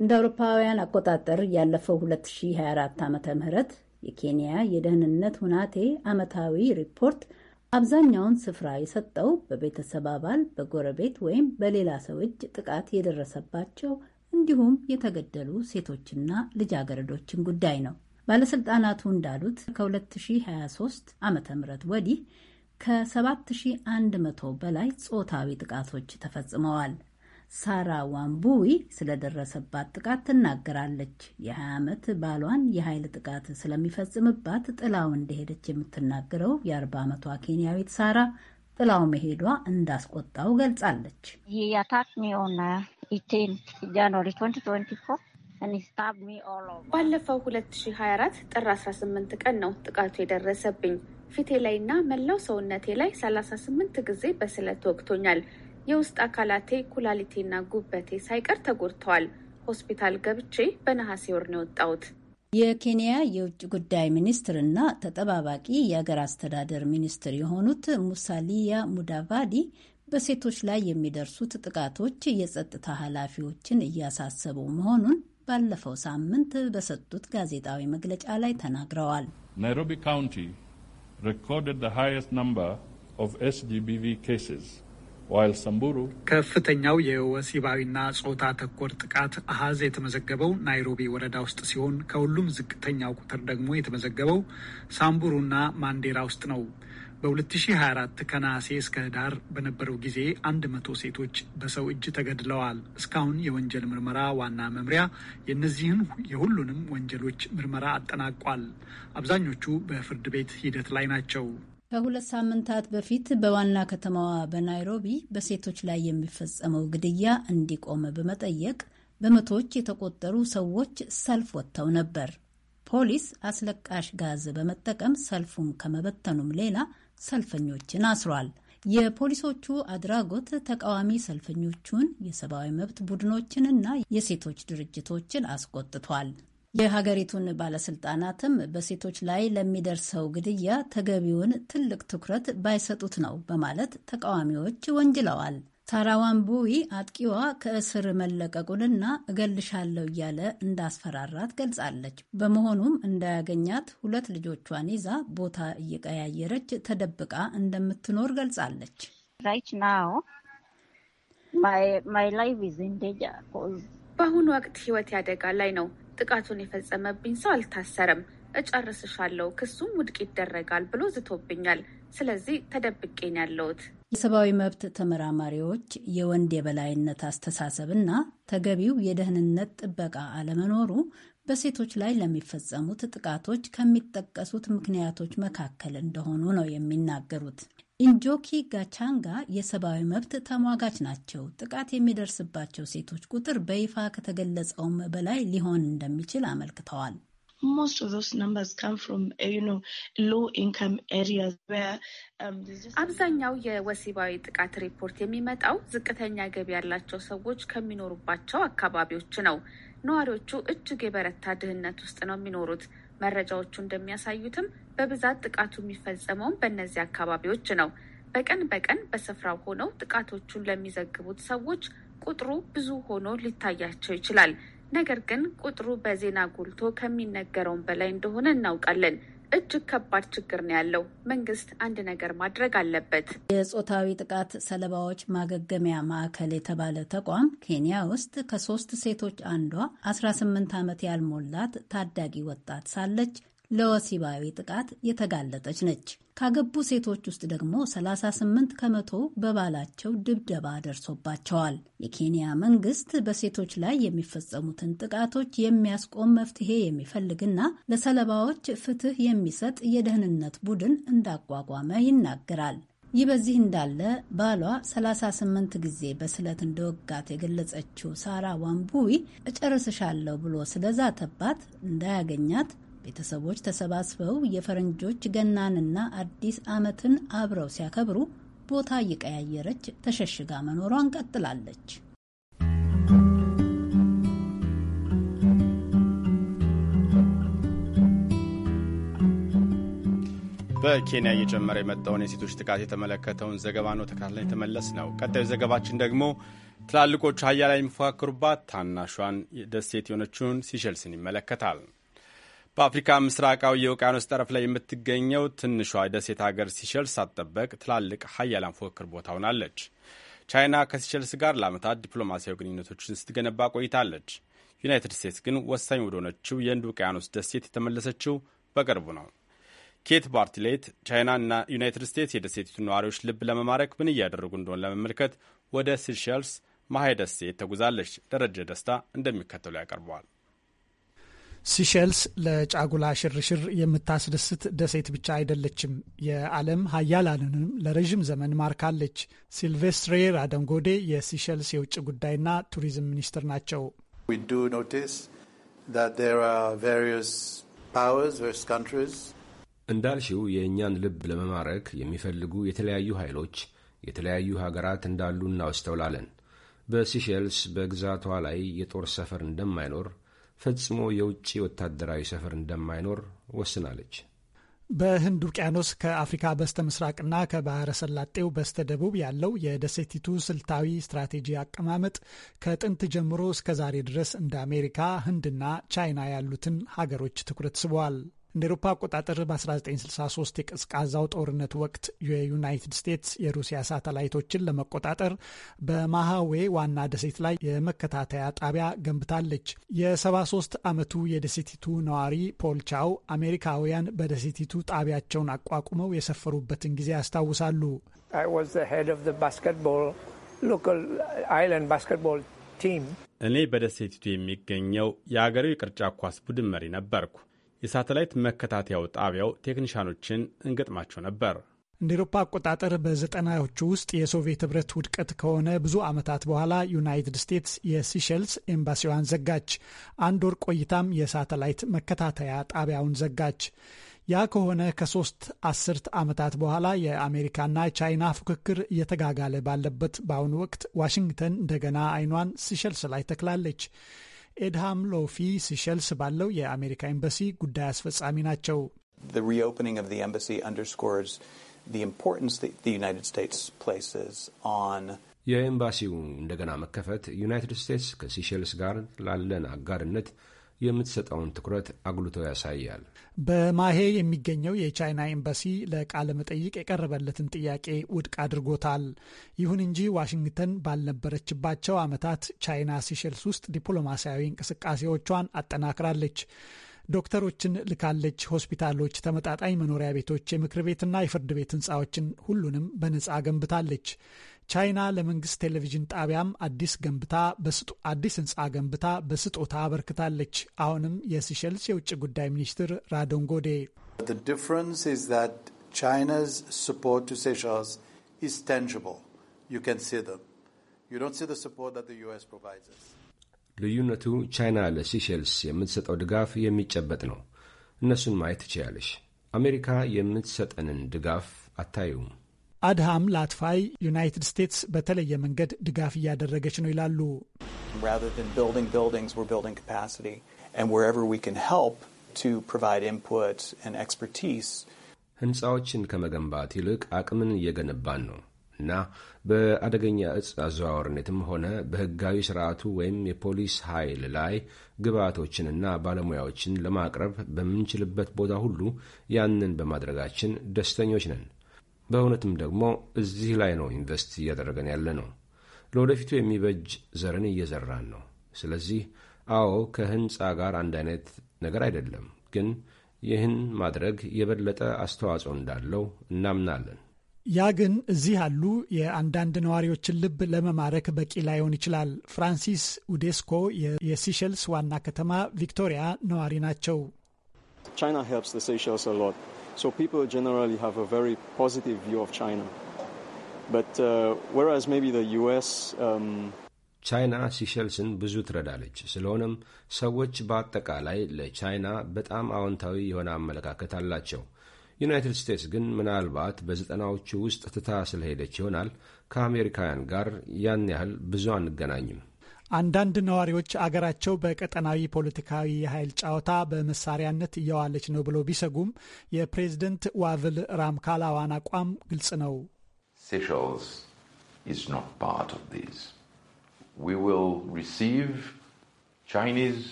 እንደ አውሮፓውያን አቆጣጠር ያለፈው 2024 ዓ ም የኬንያ የደህንነት ሁናቴ ዓመታዊ ሪፖርት አብዛኛውን ስፍራ የሰጠው በቤተሰብ አባል፣ በጎረቤት ወይም በሌላ ሰው እጅ ጥቃት የደረሰባቸው እንዲሁም የተገደሉ ሴቶችና ልጃገረዶችን ጉዳይ ነው። ባለስልጣናቱ እንዳሉት ከ2023 ዓ ም ወዲህ ከ7100 በላይ ጾታዊ ጥቃቶች ተፈጽመዋል። ሳራ ዋምቡዊ ስለደረሰባት ጥቃት ትናገራለች። የ20 ዓመት ባሏን የኃይል ጥቃት ስለሚፈጽምባት ጥላው እንደሄደች የምትናገረው የ40 ዓመቷ ኬንያዊት ሳራ ጥላው መሄዷ እንዳስቆጣው ገልጻለች። ባለፈው 2024 ጥር 18 ቀን ነው ጥቃቱ የደረሰብኝ። ፊቴ ላይና መላው ሰውነቴ ላይ 38 ጊዜ በስለት ወቅቶኛል። የውስጥ አካላቴ ኩላሊቴና ጉበቴ ሳይቀር ተጎድተዋል። ሆስፒታል ገብቼ በነሐሴ ወር ነው የወጣሁት። የኬንያ የውጭ ጉዳይ ና ተጠባባቂ የአገር አስተዳደር ሚኒስትር የሆኑት ሙሳሊያ ሙዳቫዲ በሴቶች ላይ የሚደርሱት ጥቃቶች የጸጥታ ኃላፊዎችን እያሳሰቡ መሆኑን ባለፈው ሳምንት በሰጡት ጋዜጣዊ መግለጫ ላይ ተናግረዋል። ናይሮቢ ካውንቲ ሪኮርድ ሃይስት ነምበር ኦፍ ኤስጂቢቪ ኬስስ ከፍተኛው የወሲባዊና ጾታ ተኮር ጥቃት አሀዝ የተመዘገበው ናይሮቢ ወረዳ ውስጥ ሲሆን ከሁሉም ዝቅተኛው ቁጥር ደግሞ የተመዘገበው ሳምቡሩና ማንዴራ ውስጥ ነው። በ2024 ከነሐሴ እስከ ህዳር በነበረው ጊዜ 100 ሴቶች በሰው እጅ ተገድለዋል። እስካሁን የወንጀል ምርመራ ዋና መምሪያ የእነዚህን የሁሉንም ወንጀሎች ምርመራ አጠናቋል። አብዛኞቹ በፍርድ ቤት ሂደት ላይ ናቸው። ከሁለት ሳምንታት በፊት በዋና ከተማዋ በናይሮቢ በሴቶች ላይ የሚፈጸመው ግድያ እንዲቆም በመጠየቅ በመቶዎች የተቆጠሩ ሰዎች ሰልፍ ወጥተው ነበር። ፖሊስ አስለቃሽ ጋዝ በመጠቀም ሰልፉን ከመበተኑም ሌላ ሰልፈኞችን አስሯል። የፖሊሶቹ አድራጎት ተቃዋሚ ሰልፈኞቹን፣ የሰብአዊ መብት ቡድኖችንና የሴቶች ድርጅቶችን አስቆጥቷል። የሀገሪቱን ባለስልጣናትም በሴቶች ላይ ለሚደርሰው ግድያ ተገቢውን ትልቅ ትኩረት ባይሰጡት ነው በማለት ተቃዋሚዎች ወንጅለዋል። ታራዋን ቡዊ አጥቂዋ ከእስር መለቀቁንና እገልሻለሁ እያለ እንዳስፈራራት ገልጻለች። በመሆኑም እንዳያገኛት ሁለት ልጆቿን ይዛ ቦታ እየቀያየረች ተደብቃ እንደምትኖር ገልጻለች። በአሁኑ ወቅት ሕይወት ያደጋ ላይ ነው። ጥቃቱን የፈጸመብኝ ሰው አልታሰርም፣ እጨርስሻለሁ፣ ክሱም ውድቅ ይደረጋል ብሎ ዝቶብኛል። ስለዚህ ተደብቄን ያለሁት። የሰብአዊ መብት ተመራማሪዎች የወንድ የበላይነት አስተሳሰብና ተገቢው የደህንነት ጥበቃ አለመኖሩ በሴቶች ላይ ለሚፈጸሙት ጥቃቶች ከሚጠቀሱት ምክንያቶች መካከል እንደሆኑ ነው የሚናገሩት። ኢንጆኪ ጋቻንጋ የሰብአዊ መብት ተሟጋች ናቸው። ጥቃት የሚደርስባቸው ሴቶች ቁጥር በይፋ ከተገለጸውም በላይ ሊሆን እንደሚችል አመልክተዋል። uh, um, አብዛኛው የወሲባዊ ጥቃት ሪፖርት የሚመጣው ዝቅተኛ ገቢ ያላቸው ሰዎች ከሚኖሩባቸው አካባቢዎች ነው። ነዋሪዎቹ እጅግ የበረታ ድህነት ውስጥ ነው የሚኖሩት። መረጃዎቹ እንደሚያሳዩትም በብዛት ጥቃቱ የሚፈጸመውን በእነዚህ አካባቢዎች ነው። በቀን በቀን በስፍራው ሆነው ጥቃቶቹን ለሚዘግቡት ሰዎች ቁጥሩ ብዙ ሆኖ ሊታያቸው ይችላል። ነገር ግን ቁጥሩ በዜና ጎልቶ ከሚነገረውን በላይ እንደሆነ እናውቃለን። እጅግ ከባድ ችግር ነው ያለው። መንግስት አንድ ነገር ማድረግ አለበት። የጾታዊ ጥቃት ሰለባዎች ማገገሚያ ማዕከል የተባለ ተቋም ኬንያ ውስጥ ከሶስት ሴቶች አንዷ 18 ዓመት ያልሞላት ታዳጊ ወጣት ሳለች ለወሲባዊ ጥቃት የተጋለጠች ነች። ካገቡ ሴቶች ውስጥ ደግሞ 38 ከመቶ በባላቸው ድብደባ ደርሶባቸዋል። የኬንያ መንግስት በሴቶች ላይ የሚፈጸሙትን ጥቃቶች የሚያስቆም መፍትሄ የሚፈልግና ለሰለባዎች ፍትህ የሚሰጥ የደህንነት ቡድን እንዳቋቋመ ይናገራል። ይህ በዚህ እንዳለ ባሏ 38 ጊዜ በስለት እንደወጋት የገለጸችው ሳራ ዋንቡዊ እጨርስሻለሁ ብሎ ስለዛተባት እንዳያገኛት ቤተሰቦች ተሰባስበው የፈረንጆች ገናንና አዲስ ዓመትን አብረው ሲያከብሩ ቦታ እየቀያየረች ተሸሽጋ መኖሯን ቀጥላለች። በኬንያ እየጨመረ የመጣውን የሴቶች ጥቃት የተመለከተውን ዘገባ ነው ተከታትለን የተመለስ ነው። ቀጣዩ ዘገባችን ደግሞ ትላልቆቹ ላይ የሚፎካከሩባት ታናሿን ደሴት የሆነችውን ሲሸልስን ይመለከታል። በአፍሪካ ምስራቃዊ የውቅያኖስ ጠረፍ ላይ የምትገኘው ትንሿ ደሴት ሀገር ሲሸል ሳትጠበቅ ትላልቅ ሀያላን ፉክክር ቦታ ሆናለች። ቻይና ከሲሸልስ ጋር ለዓመታት ዲፕሎማሲያዊ ግንኙነቶችን ስትገነባ ቆይታለች። ዩናይትድ ስቴትስ ግን ወሳኝ ወደሆነችው የህንድ ውቅያኖስ ደሴት የተመለሰችው በቅርቡ ነው። ኬት ባርትሌት እና ዩናይትድ ስቴትስ የደሴቲቱ ነዋሪዎች ልብ ለመማረክ ምን እያደረጉ እንደሆነ ለመመልከት ወደ ሲሸልስ ማሀይ ደሴት ተጉዛለች። ደረጀ ደስታ እንደሚከተሉ ያቀርበዋል። ሲሸልስ ለጫጉላ ሽርሽር የምታስደስት ደሴት ብቻ አይደለችም፣ የዓለም ሀያላንንም ለረዥም ዘመን ማርካለች። ሲልቬስትሬ ራደንጎዴ የሲሸልስ የውጭ ጉዳይና ቱሪዝም ሚኒስትር ናቸው። እንዳልሽው የእኛን ልብ ለመማረክ የሚፈልጉ የተለያዩ ኃይሎች፣ የተለያዩ ሀገራት እንዳሉ እናስተውላለን። በሲሸልስ በግዛቷ ላይ የጦር ሰፈር እንደማይኖር ፈጽሞ የውጭ ወታደራዊ ሰፈር እንደማይኖር ወስናለች። በህንድ ውቅያኖስ ከአፍሪካ በስተ ምስራቅና ከባህረ ሰላጤው በስተ ደቡብ ያለው የደሴቲቱ ስልታዊ ስትራቴጂ አቀማመጥ ከጥንት ጀምሮ እስከ ዛሬ ድረስ እንደ አሜሪካ፣ ህንድና ቻይና ያሉትን ሀገሮች ትኩረት ስበዋል። እንደ ኤሮፓ አቆጣጠር በ1963 የቀዝቃዛው ጦርነት ወቅት የዩናይትድ ስቴትስ የሩሲያ ሳተላይቶችን ለመቆጣጠር በማሃዌ ዋና ደሴት ላይ የመከታተያ ጣቢያ ገንብታለች። የ73 ዓመቱ የደሴቲቱ ነዋሪ ፖል ቻው አሜሪካውያን በደሴቲቱ ጣቢያቸውን አቋቁመው የሰፈሩበትን ጊዜ ያስታውሳሉ። እኔ በደሴቲቱ የሚገኘው የአገሬው የቅርጫት ኳስ ቡድን መሪ ነበርኩ። የሳተላይት መከታተያው ጣቢያው ቴክኒሻኖችን እንገጥማቸው ነበር። እንደ ኤሮፓ አቆጣጠር በዘጠናዎቹ ውስጥ የሶቪየት ህብረት ውድቀት ከሆነ ብዙ ዓመታት በኋላ ዩናይትድ ስቴትስ የሲሸልስ ኤምባሲዋን ዘጋች። አንድ ወር ቆይታም የሳተላይት መከታተያ ጣቢያውን ዘጋች። ያ ከሆነ ከሶስት አስርት ዓመታት በኋላ የአሜሪካና ቻይና ፉክክር እየተጋጋለ ባለበት በአሁኑ ወቅት ዋሽንግተን እንደገና አይኗን ሲሸልስ ላይ ተክላለች። ኤድሃም ሎፊ ሲሸልስ ባለው የአሜሪካ ኤምባሲ ጉዳይ አስፈጻሚ ናቸው። የኤምባሲው እንደገና መከፈት ዩናይትድ ስቴትስ ከሲሸልስ ጋር ላለን አጋርነት የምትሰጠውን ትኩረት አጉልቶ ያሳያል። በማሄ የሚገኘው የቻይና ኤምባሲ ለቃለ መጠይቅ የቀረበለትን ጥያቄ ውድቅ አድርጎታል። ይሁን እንጂ ዋሽንግተን ባልነበረችባቸው ዓመታት ቻይና ሲሸልስ ውስጥ ዲፕሎማሲያዊ እንቅስቃሴዎቿን አጠናክራለች። ዶክተሮችን ልካለች። ሆስፒታሎች፣ ተመጣጣኝ መኖሪያ ቤቶች፣ የምክር ቤትና የፍርድ ቤት ህንፃዎችን ሁሉንም በነጻ ገንብታለች። ቻይና ለመንግስት ቴሌቪዥን ጣቢያም አዲስ ገንብታ አዲስ ህንፃ ገንብታ በስጦታ አበርክታለች። አሁንም የሲሸልስ የውጭ ጉዳይ ሚኒስትር ራዶንጎዴ ልዩነቱ ቻይና ለሲሸልስ የምትሰጠው ድጋፍ የሚጨበጥ ነው። እነሱን ማየት ትችያለሽ። አሜሪካ የምትሰጠንን ድጋፍ አታዩም። አድሃም ላትፋይ ዩናይትድ ስቴትስ በተለየ መንገድ ድጋፍ እያደረገች ነው ይላሉ። ህንፃዎችን ከመገንባት ይልቅ አቅምን እየገነባን ነው እና በአደገኛ እጽ አዘዋወርነትም ሆነ በህጋዊ ስርዓቱ ወይም የፖሊስ ኃይል ላይ ግብዓቶችንና ባለሙያዎችን ለማቅረብ በምንችልበት ቦታ ሁሉ ያንን በማድረጋችን ደስተኞች ነን። በእውነትም ደግሞ እዚህ ላይ ነው ኢንቨስት እያደረገን ያለ ነው። ለወደፊቱ የሚበጅ ዘርን እየዘራን ነው። ስለዚህ አዎ፣ ከህንፃ ጋር አንድ አይነት ነገር አይደለም፣ ግን ይህን ማድረግ የበለጠ አስተዋጽኦ እንዳለው እናምናለን። ያ ግን እዚህ ያሉ የአንዳንድ ነዋሪዎችን ልብ ለመማረክ በቂ ላይሆን ይችላል። ፍራንሲስ ኡዴስኮ የሲሸልስ ዋና ከተማ ቪክቶሪያ ነዋሪ ናቸው። ቻይና ሄልፕስ ሎት So people generally have a very positive view of China. But uh, whereas maybe the US um, ቻይና ሲሸልስን ብዙ ትረዳለች። ስለሆነም ሰዎች በአጠቃላይ ለቻይና በጣም አዎንታዊ የሆነ አመለካከት አላቸው። ዩናይትድ ስቴትስ ግን ምናልባት በዘጠናዎቹ ውስጥ ትታ ስለሄደች ይሆናል ከአሜሪካውያን ጋር ያን ያህል ብዙ አንገናኝም። አንዳንድ ነዋሪዎች አገራቸው በቀጠናዊ ፖለቲካዊ የኃይል ጨዋታ በመሳሪያነት እየዋለች ነው ብሎ ቢሰጉም የፕሬዝደንት ዋቭል ራምካላዋን አቋም ግልጽ ነው።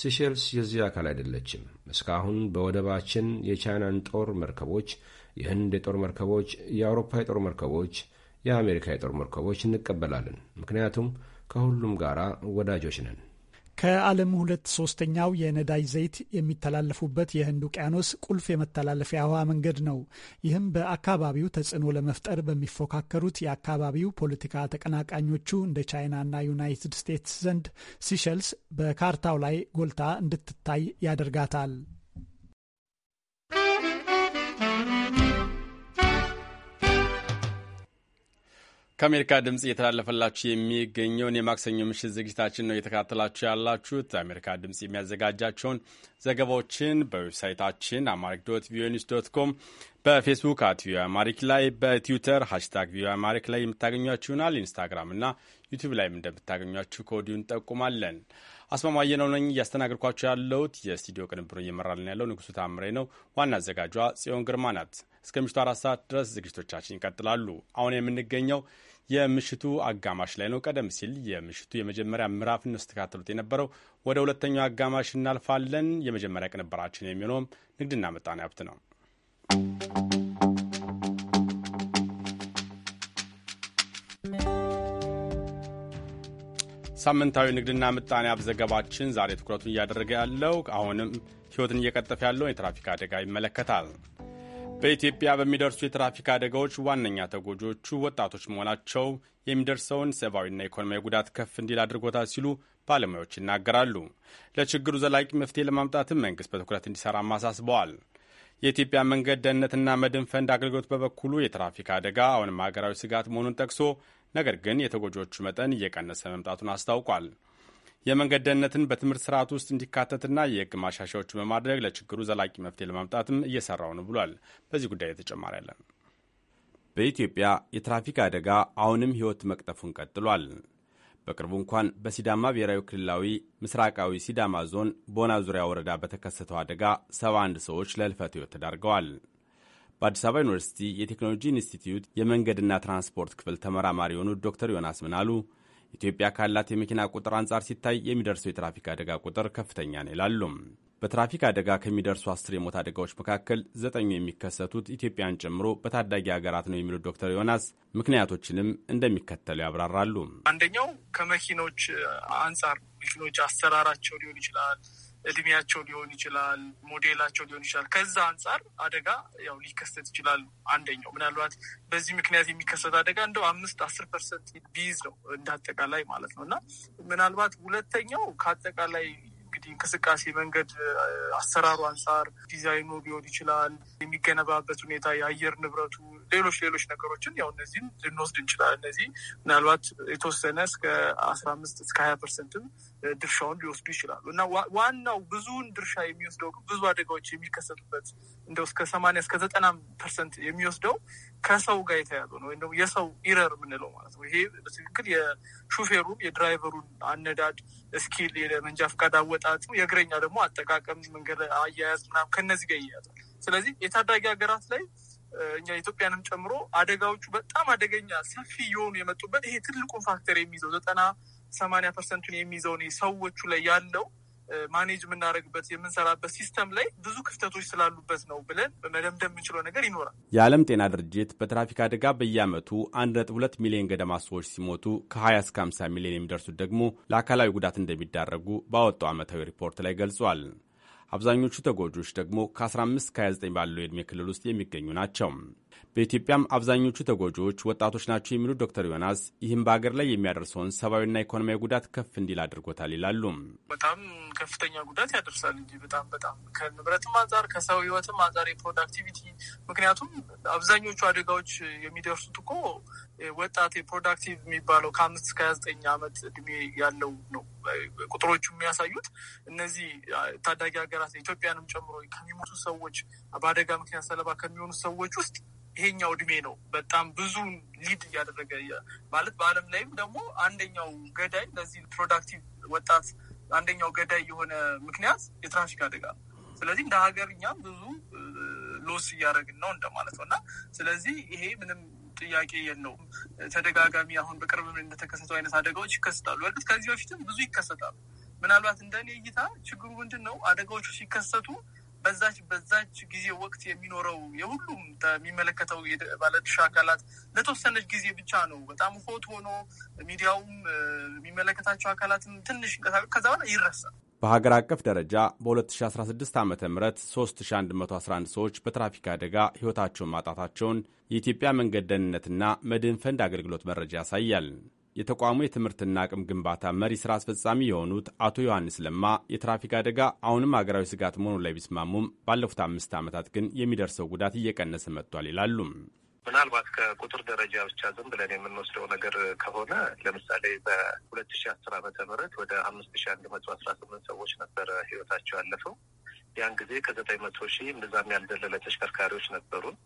ሲሸልስ የዚህ አካል አይደለችም። እስካሁን በወደባችን የቻይናን ጦር መርከቦች፣ የህንድ የጦር መርከቦች፣ የአውሮፓ የጦር መርከቦች የአሜሪካ የጦር መርከቦች እንቀበላለን። ምክንያቱም ከሁሉም ጋራ ወዳጆች ነን። ከዓለም ሁለት ሶስተኛው የነዳጅ ዘይት የሚተላለፉበት የህንድ ውቅያኖስ ቁልፍ የመተላለፊያ ውሃ መንገድ ነው። ይህም በአካባቢው ተጽዕኖ ለመፍጠር በሚፎካከሩት የአካባቢው ፖለቲካ ተቀናቃኞቹ እንደ ቻይናና ዩናይትድ ስቴትስ ዘንድ ሲሸልስ በካርታው ላይ ጎልታ እንድትታይ ያደርጋታል። ከአሜሪካ ድምፅ እየተላለፈላችሁ የሚገኘውን የማክሰኞ ምሽት ዝግጅታችን ነው እየተከታተላችሁ ያላችሁት። አሜሪካ ድምፅ የሚያዘጋጃቸውን ዘገባዎችን በዌብሳይታችን አማሪክ ዶት ቪኦኤ ኒውስ ዶት ኮም፣ በፌስቡክ አት ቪኦኤ አማሪክ ላይ፣ በትዊተር ሃሽታግ ቪኦኤ አማሪክ ላይ የምታገኟችሁናል። ኢንስታግራም እና ዩቲዩብ ላይም እንደምታገኟችሁ ከወዲሁ እንጠቁማለን። አስማማየ ነው ነኝ እያስተናገድኳቸው ያለሁት። የስቱዲዮ ቅንብሩ እየመራልን ያለው ንጉሱ ታምሬ ነው። ዋና አዘጋጇ ጽዮን ግርማ ናት። እስከ ምሽቱ አራት ሰዓት ድረስ ዝግጅቶቻችን ይቀጥላሉ። አሁን የምንገኘው የምሽቱ አጋማሽ ላይ ነው። ቀደም ሲል የምሽቱ የመጀመሪያ ምዕራፍ ነው የነበረው። ወደ ሁለተኛው አጋማሽ እናልፋለን። የመጀመሪያ ቅንብራችን የሚሆነውም ንግድና ምጣኔ ሀብት ነው። ሳምንታዊ ንግድና ምጣኔ ሀብት ዘገባችን ዛሬ ትኩረቱን እያደረገ ያለው አሁንም ሕይወትን እየቀጠፈ ያለውን የትራፊክ አደጋ ይመለከታል። በኢትዮጵያ በሚደርሱ የትራፊክ አደጋዎች ዋነኛ ተጎጂዎቹ ወጣቶች መሆናቸው የሚደርሰውን ሰብአዊና ኢኮኖሚያዊ ጉዳት ከፍ እንዲል አድርጎታል ሲሉ ባለሙያዎች ይናገራሉ። ለችግሩ ዘላቂ መፍትሄ ለማምጣትም መንግሥት በትኩረት እንዲሰራ አሳስበዋል። የኢትዮጵያ መንገድ ደህንነትና መድን ፈንድ አገልግሎት በበኩሉ የትራፊክ አደጋ አሁንም ሀገራዊ ስጋት መሆኑን ጠቅሶ ነገር ግን የተጎጂዎቹ መጠን እየቀነሰ መምጣቱን አስታውቋል። የመንገድ ደህንነትን በትምህርት ስርዓት ውስጥ እንዲካተትና የህግ ማሻሻያዎች በማድረግ ለችግሩ ዘላቂ መፍትሄ ለማምጣትም እየሰራው ነው ብሏል። በዚህ ጉዳይ የተጨማሪ ያለን በኢትዮጵያ የትራፊክ አደጋ አሁንም ህይወት መቅጠፉን ቀጥሏል። በቅርቡ እንኳን በሲዳማ ብሔራዊ ክልላዊ ምስራቃዊ ሲዳማ ዞን ቦና ዙሪያ ወረዳ በተከሰተው አደጋ 71 ሰዎች ለልፈት ህይወት ተዳርገዋል። በአዲስ አበባ ዩኒቨርሲቲ የቴክኖሎጂ ኢንስቲትዩት የመንገድና ትራንስፖርት ክፍል ተመራማሪ የሆኑት ዶክተር ዮናስ ምናሉ ኢትዮጵያ ካላት የመኪና ቁጥር አንጻር ሲታይ የሚደርሰው የትራፊክ አደጋ ቁጥር ከፍተኛ ነው ይላሉ። በትራፊክ አደጋ ከሚደርሱ አስር የሞት አደጋዎች መካከል ዘጠኙ የሚከሰቱት ኢትዮጵያን ጨምሮ በታዳጊ ሀገራት ነው የሚሉት ዶክተር ዮናስ ምክንያቶችንም እንደሚከተሉ ያብራራሉ። አንደኛው ከመኪኖች አንጻር መኪኖች አሰራራቸው ሊሆን ይችላል። እድሜያቸው ሊሆን ይችላል፣ ሞዴላቸው ሊሆን ይችላል። ከዛ አንጻር አደጋ ያው ሊከሰት ይችላል። አንደኛው ምናልባት በዚህ ምክንያት የሚከሰት አደጋ እንደው አምስት አስር ፐርሰንት ቢይዝ ነው እንደ አጠቃላይ ማለት ነው እና ምናልባት ሁለተኛው ከአጠቃላይ እንግዲህ እንቅስቃሴ መንገድ አሰራሩ አንጻር ዲዛይኑ ሊሆን ይችላል የሚገነባበት ሁኔታ፣ የአየር ንብረቱ ሌሎች ሌሎች ነገሮችን ያው እነዚህም ልንወስድ እንችላለን። እነዚህ ምናልባት የተወሰነ እስከ አስራ አምስት እስከ ሀያ ፐርሰንትም ድርሻውን ሊወስዱ ይችላሉ እና ዋናው ብዙውን ድርሻ የሚወስደው ብዙ አደጋዎች የሚከሰቱበት እንደው እስከ ሰማንያ እስከ ዘጠና ፐርሰንት የሚወስደው ከሰው ጋር የተያዘ ነው ወይም የሰው ኢረር የምንለው ማለት ነው። ይሄ በትክክል የሹፌሩን የድራይቨሩን አነዳድ እስኪል፣ የመንጃ ፈቃድ አወጣጡ፣ የእግረኛ ደግሞ አጠቃቀም፣ መንገድ አያያዝ ምናምን ከነዚህ ጋር ይያዛል። ስለዚህ የታዳጊ ሀገራት ላይ እኛ ኢትዮጵያንም ጨምሮ አደጋዎቹ በጣም አደገኛ ሰፊ እየሆኑ የመጡበት ይሄ ትልቁን ፋክተር የሚይዘው ዘጠና ሰማኒያ ፐርሰንቱን የሚይዘውን ሰዎቹ ላይ ያለው ማኔጅ የምናደርግበት የምንሰራበት ሲስተም ላይ ብዙ ክፍተቶች ስላሉበት ነው ብለን መደምደም የምንችለው ነገር ይኖራል። የዓለም ጤና ድርጅት በትራፊክ አደጋ በየዓመቱ 1.2 ሚሊዮን ገደማ ሰዎች ሲሞቱ ከ20 እስከ 50 ሚሊዮን የሚደርሱት ደግሞ ለአካላዊ ጉዳት እንደሚዳረጉ ባወጣው ዓመታዊ ሪፖርት ላይ ገልጿል። አብዛኞቹ ተጎጂዎች ደግሞ ከ15-29 ባለው የዕድሜ ክልል ውስጥ የሚገኙ ናቸው። በኢትዮጵያም አብዛኞቹ ተጎጂዎች ወጣቶች ናቸው የሚሉት ዶክተር ዮናስ ይህም በሀገር ላይ የሚያደርሰውን ሰብአዊና ኢኮኖሚያዊ ጉዳት ከፍ እንዲል አድርጎታል ይላሉ። በጣም ከፍተኛ ጉዳት ያደርሳል እንጂ በጣም በጣም ከንብረትም አንጻር ከሰው ህይወትም አንጻር የፕሮዳክቲቪቲ ምክንያቱም አብዛኞቹ አደጋዎች የሚደርሱት እኮ ወጣት የፕሮዳክቲቭ የሚባለው ከአምስት እስከ ሃያ ዘጠኝ እድሜ ያለው ነው። ቁጥሮቹ የሚያሳዩት እነዚህ ታዳጊ ሀገራት ኢትዮጵያንም ጨምሮ ከሚሞቱ ሰዎች በአደጋ ምክንያት ሰለባ ከሚሆኑ ሰዎች ውስጥ ይሄኛው እድሜ ነው በጣም ብዙ ሊድ እያደረገ ማለት በአለም ላይም ደግሞ አንደኛው ገዳይ ለዚህ ፕሮዳክቲቭ ወጣት አንደኛው ገዳይ የሆነ ምክንያት የትራፊክ አደጋ ነው። ስለዚህ እንደ ሀገር እኛም ብዙ ሎስ እያደረግን ነው እንደማለት ነው እና ስለዚህ ይሄ ምንም ጥያቄ የለውም። ተደጋጋሚ አሁን በቅርብ እንደተከሰቱ አይነት አደጋዎች ይከሰታሉ። ከዚህ በፊትም ብዙ ይከሰታሉ። ምናልባት እንደኔ እይታ ችግሩ ምንድን ነው? አደጋዎቹ ሲከሰቱ በዛች በዛች ጊዜ ወቅት የሚኖረው የሁሉም የሚመለከተው ባለድርሻ አካላት ለተወሰነች ጊዜ ብቻ ነው በጣም ሆት ሆኖ ሚዲያውም የሚመለከታቸው አካላትም ትንሽ እንቀሳቀስ ከዛ በኋላ ይረሳል። በሀገር አቀፍ ደረጃ በ2016 ዓ ም 3111 ሰዎች በትራፊክ አደጋ ሕይወታቸውን ማጣታቸውን የኢትዮጵያ መንገድ ደህንነትና መድን ፈንድ አገልግሎት መረጃ ያሳያል። የተቋሙ የትምህርትና አቅም ግንባታ መሪ ስራ አስፈጻሚ የሆኑት አቶ ዮሐንስ ለማ የትራፊክ አደጋ አሁንም ሀገራዊ ስጋት መሆኑ ላይ ቢስማሙም ባለፉት አምስት ዓመታት ግን የሚደርሰው ጉዳት እየቀነሰ መጥቷል ይላሉም። ምናልባት ከቁጥር ደረጃ ብቻ ዝም ብለን የምንወስደው ነገር ከሆነ ለምሳሌ በሁለት ሺ አስር ዓመተ ምህረት ወደ አምስት ሺ አንድ መቶ አስራ ስምንት ሰዎች ነበረ ህይወታቸው ያለፈው። ያን ጊዜ ከዘጠኝ መቶ ሺህ እንደዛም ያልዘለለ ተሽከርካሪዎች ነበሩን።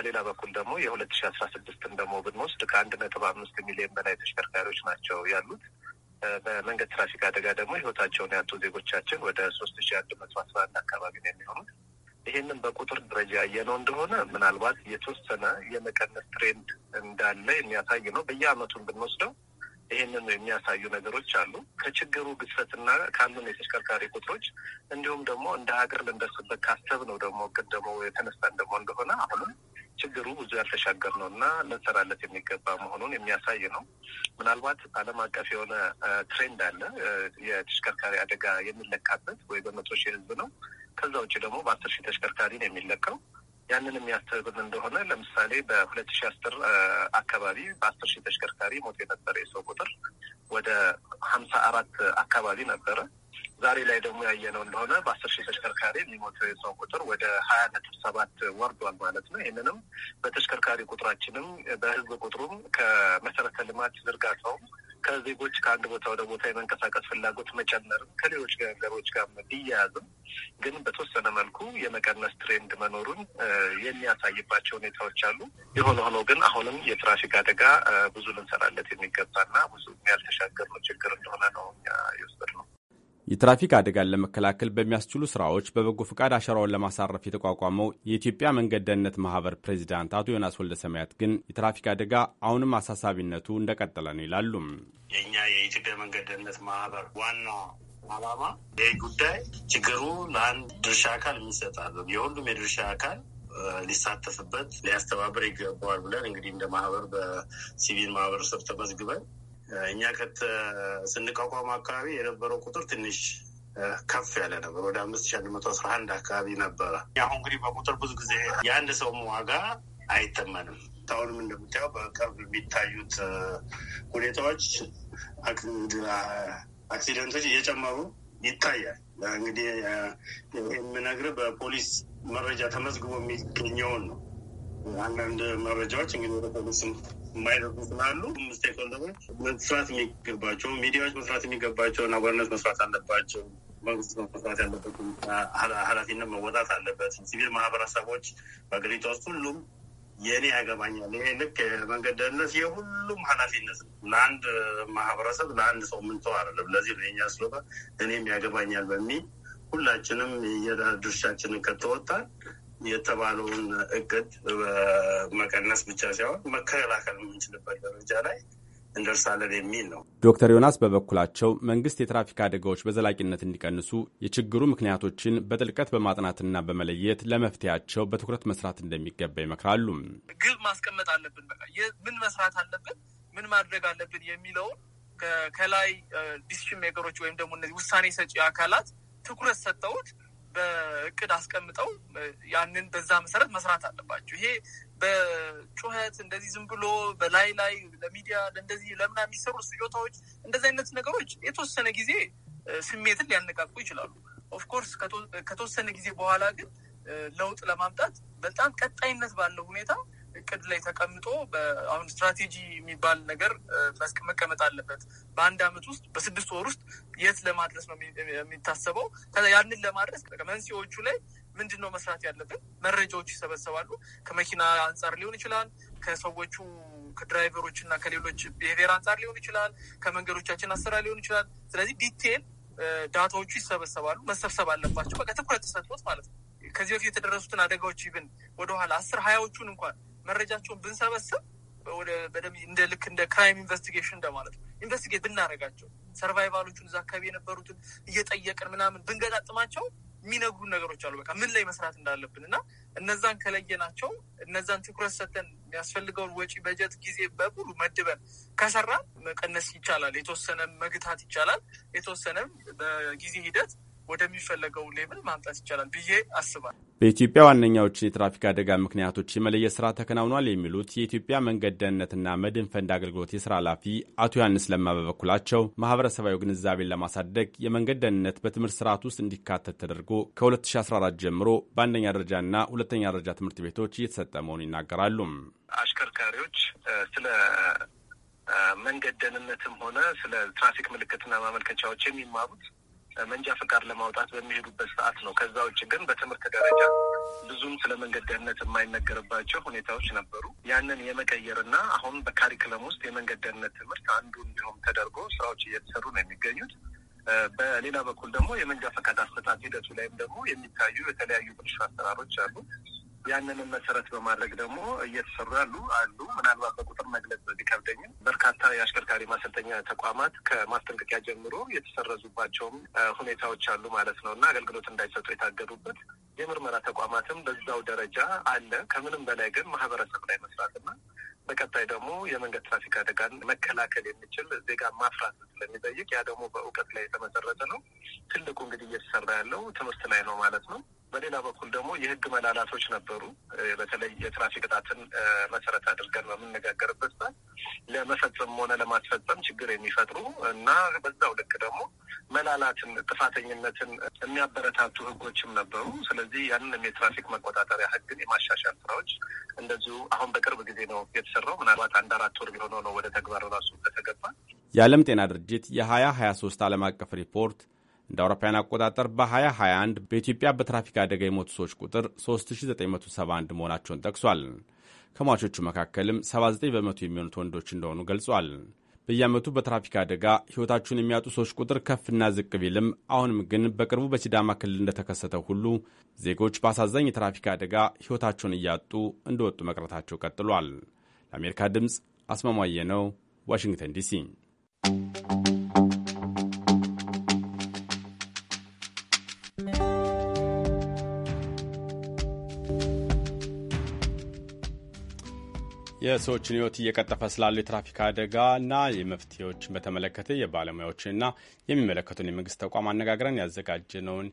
በሌላ በኩል ደግሞ የሁለት ሺ አስራ ስድስትን ደግሞ ብንወስድ ከአንድ ነጥብ አምስት ሚሊዮን በላይ ተሽከርካሪዎች ናቸው ያሉት። በመንገድ ትራፊክ አደጋ ደግሞ ህይወታቸውን ያጡ ዜጎቻችን ወደ ሶስት ሺ አንድ መቶ አስራ አንድ አካባቢ ነው የሚሆኑት። ይህንን በቁጥር ደረጃ ያየነው እንደሆነ ምናልባት የተወሰነ የመቀነስ ትሬንድ እንዳለ የሚያሳይ ነው። በየአመቱን ብንወስደው ይህንን የሚያሳዩ ነገሮች አሉ። ከችግሩ ግዝፈትና ካሉን የተሽከርካሪ ቁጥሮች እንዲሁም ደግሞ እንደ ሀገር ልንደርስበት ካሰብ ነው ደግሞ እቅድ ደግሞ የተነሳን ደግሞ እንደሆነ አሁንም ችግሩ ብዙ ያልተሻገር ነው እና ልንሰራለት የሚገባ መሆኑን የሚያሳይ ነው። ምናልባት ዓለም አቀፍ የሆነ ትሬንድ አለ የተሽከርካሪ አደጋ የሚለካበት ወይ በመቶ ሺህ ህዝብ ነው። ከዛ ውጭ ደግሞ በአስር ሺህ ተሽከርካሪ ነው የሚለካው። ያንን የሚያስተብን እንደሆነ ለምሳሌ በሁለት ሺህ አስር አካባቢ በአስር ሺህ ተሽከርካሪ ሞት የነበረ የሰው ቁጥር ወደ ሀምሳ አራት አካባቢ ነበረ። ዛሬ ላይ ደግሞ ያየነው እንደሆነ በአስር ሺህ ተሽከርካሪ የሚሞተው የሰው ቁጥር ወደ ሀያ ነጥብ ሰባት ወርዷል ማለት ነው። ይህንንም በተሽከርካሪ ቁጥራችንም በህዝብ ቁጥሩም ከመሰረተ ልማት ዝርጋታውም ከዜጎች ከአንድ ቦታ ወደ ቦታ የመንቀሳቀስ ፍላጎት መጨመርም ከሌሎች ነገሮች ጋር ቢያያዝም ግን በተወሰነ መልኩ የመቀነስ ትሬንድ መኖሩን የሚያሳይባቸው ሁኔታዎች አሉ። የሆነ ሆኖ ግን አሁንም የትራፊክ አደጋ ብዙ ልንሰራለት የሚገባና ብዙ ያልተሻገርነው ችግር እንደሆነ ነው ነው። የትራፊክ አደጋን ለመከላከል በሚያስችሉ ስራዎች በበጎ ፈቃድ አሻራውን ለማሳረፍ የተቋቋመው የኢትዮጵያ መንገድ ደህንነት ማህበር ፕሬዚዳንት አቶ ዮናስ ወልደ ሰማያት ግን የትራፊክ አደጋ አሁንም አሳሳቢነቱ እንደቀጠለ ነው ይላሉ። የእኛ የኢትዮጵያ መንገድ ደህንነት ማህበር ዋና አላማ ይህ ጉዳይ ችግሩ ለአንድ ድርሻ አካል የሚሰጣል የሁሉም የድርሻ አካል ሊሳተፍበት ሊያስተባብር ይገባዋል ብለን እንግዲህ እንደ ማህበር በሲቪል ማህበረሰብ ተመዝግበን እኛ ከት ስንቋቋም አካባቢ የነበረው ቁጥር ትንሽ ከፍ ያለ ነበር። ወደ አምስት ሺ አንድ መቶ አስራ አንድ አካባቢ ነበረ። አሁን እንግዲህ በቁጥር ብዙ ጊዜ የአንድ ሰውም ዋጋ አይተመንም። አሁንም እንደምታየው በቅርብ የሚታዩት uh, ሁኔታዎች አክሲደንቶች እየጨመሩ ይታያል። እንግዲህ uh, የምነግርህ በፖሊስ መረጃ ተመዝግቦ የሚገኘውን ነው። አንዳንድ መረጃዎች እንግዲህ ወደ ፖሊስም የማይደርሱ ስላሉ ስቴክሆልደሮች መስራት የሚገባቸው ሚዲያዎች መስራት የሚገባቸው አዋርነት መስራት አለባቸው። መንግስት መስራት ያለበት ኃላፊነት መወጣት አለበት። ሲቪል ማህበረሰቦች በአገሪቷ ውስጥ ሁሉም የእኔ ያገባኛል። ይሄ ልክ መንገድ ደህንነት የሁሉም ኃላፊነት ነው። ለአንድ ማህበረሰብ ለአንድ ሰው ምንተው አይደለም። ለዚህ ነው የኛ ስሎጋ እኔም ያገባኛል በሚል ሁላችንም የድርሻችንን ከተወጣል የተባለውን እቅድ መቀነስ ብቻ ሳይሆን መከላከል የምንችልበት ደረጃ ላይ እንደርሳለን የሚል ነው። ዶክተር ዮናስ በበኩላቸው መንግስት የትራፊክ አደጋዎች በዘላቂነት እንዲቀንሱ የችግሩ ምክንያቶችን በጥልቀት በማጥናትና በመለየት ለመፍትያቸው በትኩረት መስራት እንደሚገባ ይመክራሉ። ግብ ማስቀመጥ አለብን። በቃ ምን መስራት አለብን፣ ምን ማድረግ አለብን የሚለውን ከላይ ዲሲሽን ሜከሮች ወይም ደግሞ እነዚህ ውሳኔ ሰጪ አካላት ትኩረት ሰጠውት በእቅድ አስቀምጠው ያንን በዛ መሰረት መስራት አለባቸው። ይሄ በጩኸት እንደዚህ ዝም ብሎ በላይ ላይ ለሚዲያ እንደዚህ ለምና የሚሰሩ ስጆታዎች እንደዚህ አይነት ነገሮች የተወሰነ ጊዜ ስሜትን ሊያነቃቁ ይችላሉ። ኦፍኮርስ ከተወሰነ ጊዜ በኋላ ግን ለውጥ ለማምጣት በጣም ቀጣይነት ባለው ሁኔታ እቅድ ላይ ተቀምጦ አሁን ስትራቴጂ የሚባል ነገር መቀመጥ አለበት። በአንድ አመት ውስጥ በስድስት ወር ውስጥ የት ለማድረስ ነው የሚታሰበው? ያንን ለማድረስ መንስኤዎቹ ላይ ምንድን ነው መስራት ያለብን? መረጃዎች ይሰበሰባሉ። ከመኪና አንጻር ሊሆን ይችላል። ከሰዎቹ ከድራይቨሮች እና ከሌሎች ብሄር አንጻር ሊሆን ይችላል። ከመንገዶቻችን አሰራር ሊሆን ይችላል። ስለዚህ ዲቴል ዳታዎቹ ይሰበሰባሉ። መሰብሰብ አለባቸው። በቃ ትኩረት ተሰጥቶት ማለት ነው። ከዚህ በፊት የተደረሱትን አደጋዎች ይብን ወደኋላ አስር ሀያዎቹን እንኳን መረጃቸውን ብንሰበስብ እንደ ልክ እንደ ክራይም ኢንቨስቲጌሽን እንደማለት ነው። ኢንቨስቲጌት ብናደርጋቸው ሰርቫይቫሎቹን እዛ አካባቢ የነበሩትን እየጠየቅን ምናምን ብንገጣጥማቸው የሚነግሩን ነገሮች አሉ። በቃ ምን ላይ መስራት እንዳለብን እና እነዛን ከለየናቸው እነዛን ትኩረት ሰተን የሚያስፈልገውን ወጪ፣ በጀት፣ ጊዜ በሙሉ መድበን ከሰራ መቀነስ ይቻላል። የተወሰነ መግታት ይቻላል። የተወሰነም በጊዜ ሂደት ወደሚፈለገው ሌብል ማምጣት ይቻላል ብዬ አስባል። በኢትዮጵያ ዋነኛዎችን የትራፊክ አደጋ ምክንያቶች የመለየት ስራ ተከናውኗል የሚሉት የኢትዮጵያ መንገድ ደህንነትና መድን ፈንድ አገልግሎት የስራ ኃላፊ አቶ ዮሐንስ ለማ በበኩላቸው ማህበረሰባዊ ግንዛቤን ለማሳደግ የመንገድ ደህንነት በትምህርት ስርዓት ውስጥ እንዲካተት ተደርጎ ከ2014 ጀምሮ በአንደኛ ደረጃና ሁለተኛ ደረጃ ትምህርት ቤቶች እየተሰጠ መሆኑን ይናገራሉ። አሽከርካሪዎች ስለ መንገድ ደህንነትም ሆነ ስለ ትራፊክ ምልክትና ማመልከቻዎች የሚማሩት መንጃ ፈቃድ ለማውጣት በሚሄዱበት ሰዓት ነው። ከዛ ውጭ ግን በትምህርት ደረጃ ብዙም ስለ መንገድ ደህንነት የማይነገርባቸው ሁኔታዎች ነበሩ። ያንን የመቀየር ና አሁን በካሪክለም ውስጥ የመንገድ ደህንነት ትምህርት አንዱ እንዲሁም ተደርጎ ስራዎች እየተሰሩ ነው የሚገኙት። በሌላ በኩል ደግሞ የመንጃ ፈቃድ አሰጣጥ ሂደቱ ላይም ደግሞ የሚታዩ የተለያዩ ብልሹ አሰራሮች አሉ። ያንንም መሰረት በማድረግ ደግሞ እየተሰሩ ያሉ አሉ። ምናልባት በቁጥር መግለጽ ቢከብደኝም በርካታ የአሽከርካሪ ማሰልጠኛ ተቋማት ከማስጠንቀቂያ ጀምሮ የተሰረዙባቸውም ሁኔታዎች አሉ ማለት ነው እና አገልግሎት እንዳይሰጡ የታገዱበት የምርመራ ተቋማትም በዛው ደረጃ አለ። ከምንም በላይ ግን ማህበረሰብ ላይ መስራትና በቀጣይ ደግሞ የመንገድ ትራፊክ አደጋን መከላከል የሚችል ዜጋ ማፍራት ስለሚጠይቅ ያ ደግሞ በእውቀት ላይ የተመሰረተ ነው። ትልቁ እንግዲህ እየተሰራ ያለው ትምህርት ላይ ነው ማለት ነው። በሌላ በኩል ደግሞ የህግ መላላቶች ነበሩ። በተለይ የትራፊክ ቅጣትን መሰረት አድርገን በምንነጋገርበት ሰዓት ለመፈጸም ሆነ ለማስፈጸም ችግር የሚፈጥሩ እና በዛው ልክ ደግሞ መላላትን፣ ጥፋተኝነትን የሚያበረታቱ ህጎችም ነበሩ። ስለዚህ ያንንም የትራፊክ መቆጣጠሪያ ህግን የማሻሻል ስራዎች እንደዚሁ አሁን በቅርብ ጊዜ ነው የተሰራው። ምናልባት አንድ አራት ወር ቢሆነው ነው ወደ ተግባር ራሱ ተገባ። የዓለም ጤና ድርጅት የሀያ ሀያ ሶስት ዓለም አቀፍ ሪፖርት እንደ አውሮፓውያን አቆጣጠር በ2021 በኢትዮጵያ በትራፊክ አደጋ የሞቱ ሰዎች ቁጥር 3971 መሆናቸውን ጠቅሷል። ከሟቾቹ መካከልም 79 በመቶ የሚሆኑት ወንዶች እንደሆኑ ገልጿል። በየዓመቱ በትራፊክ አደጋ ሕይወታቸውን የሚያጡ ሰዎች ቁጥር ከፍና ዝቅ ቢልም አሁንም ግን በቅርቡ በሲዳማ ክልል እንደተከሰተው ሁሉ ዜጎች በአሳዛኝ የትራፊክ አደጋ ሕይወታቸውን እያጡ እንደወጡ መቅረታቸው ቀጥሏል። ለአሜሪካ ድምፅ አስማማየ ነው፣ ዋሽንግተን ዲሲ የሰዎችን ህይወት እየቀጠፈ ስላለው የትራፊክ አደጋና የመፍትሄዎችን በተመለከተ የባለሙያዎችንና የሚመለከቱን የመንግስት ተቋም አነጋግረን ያዘጋጀነውን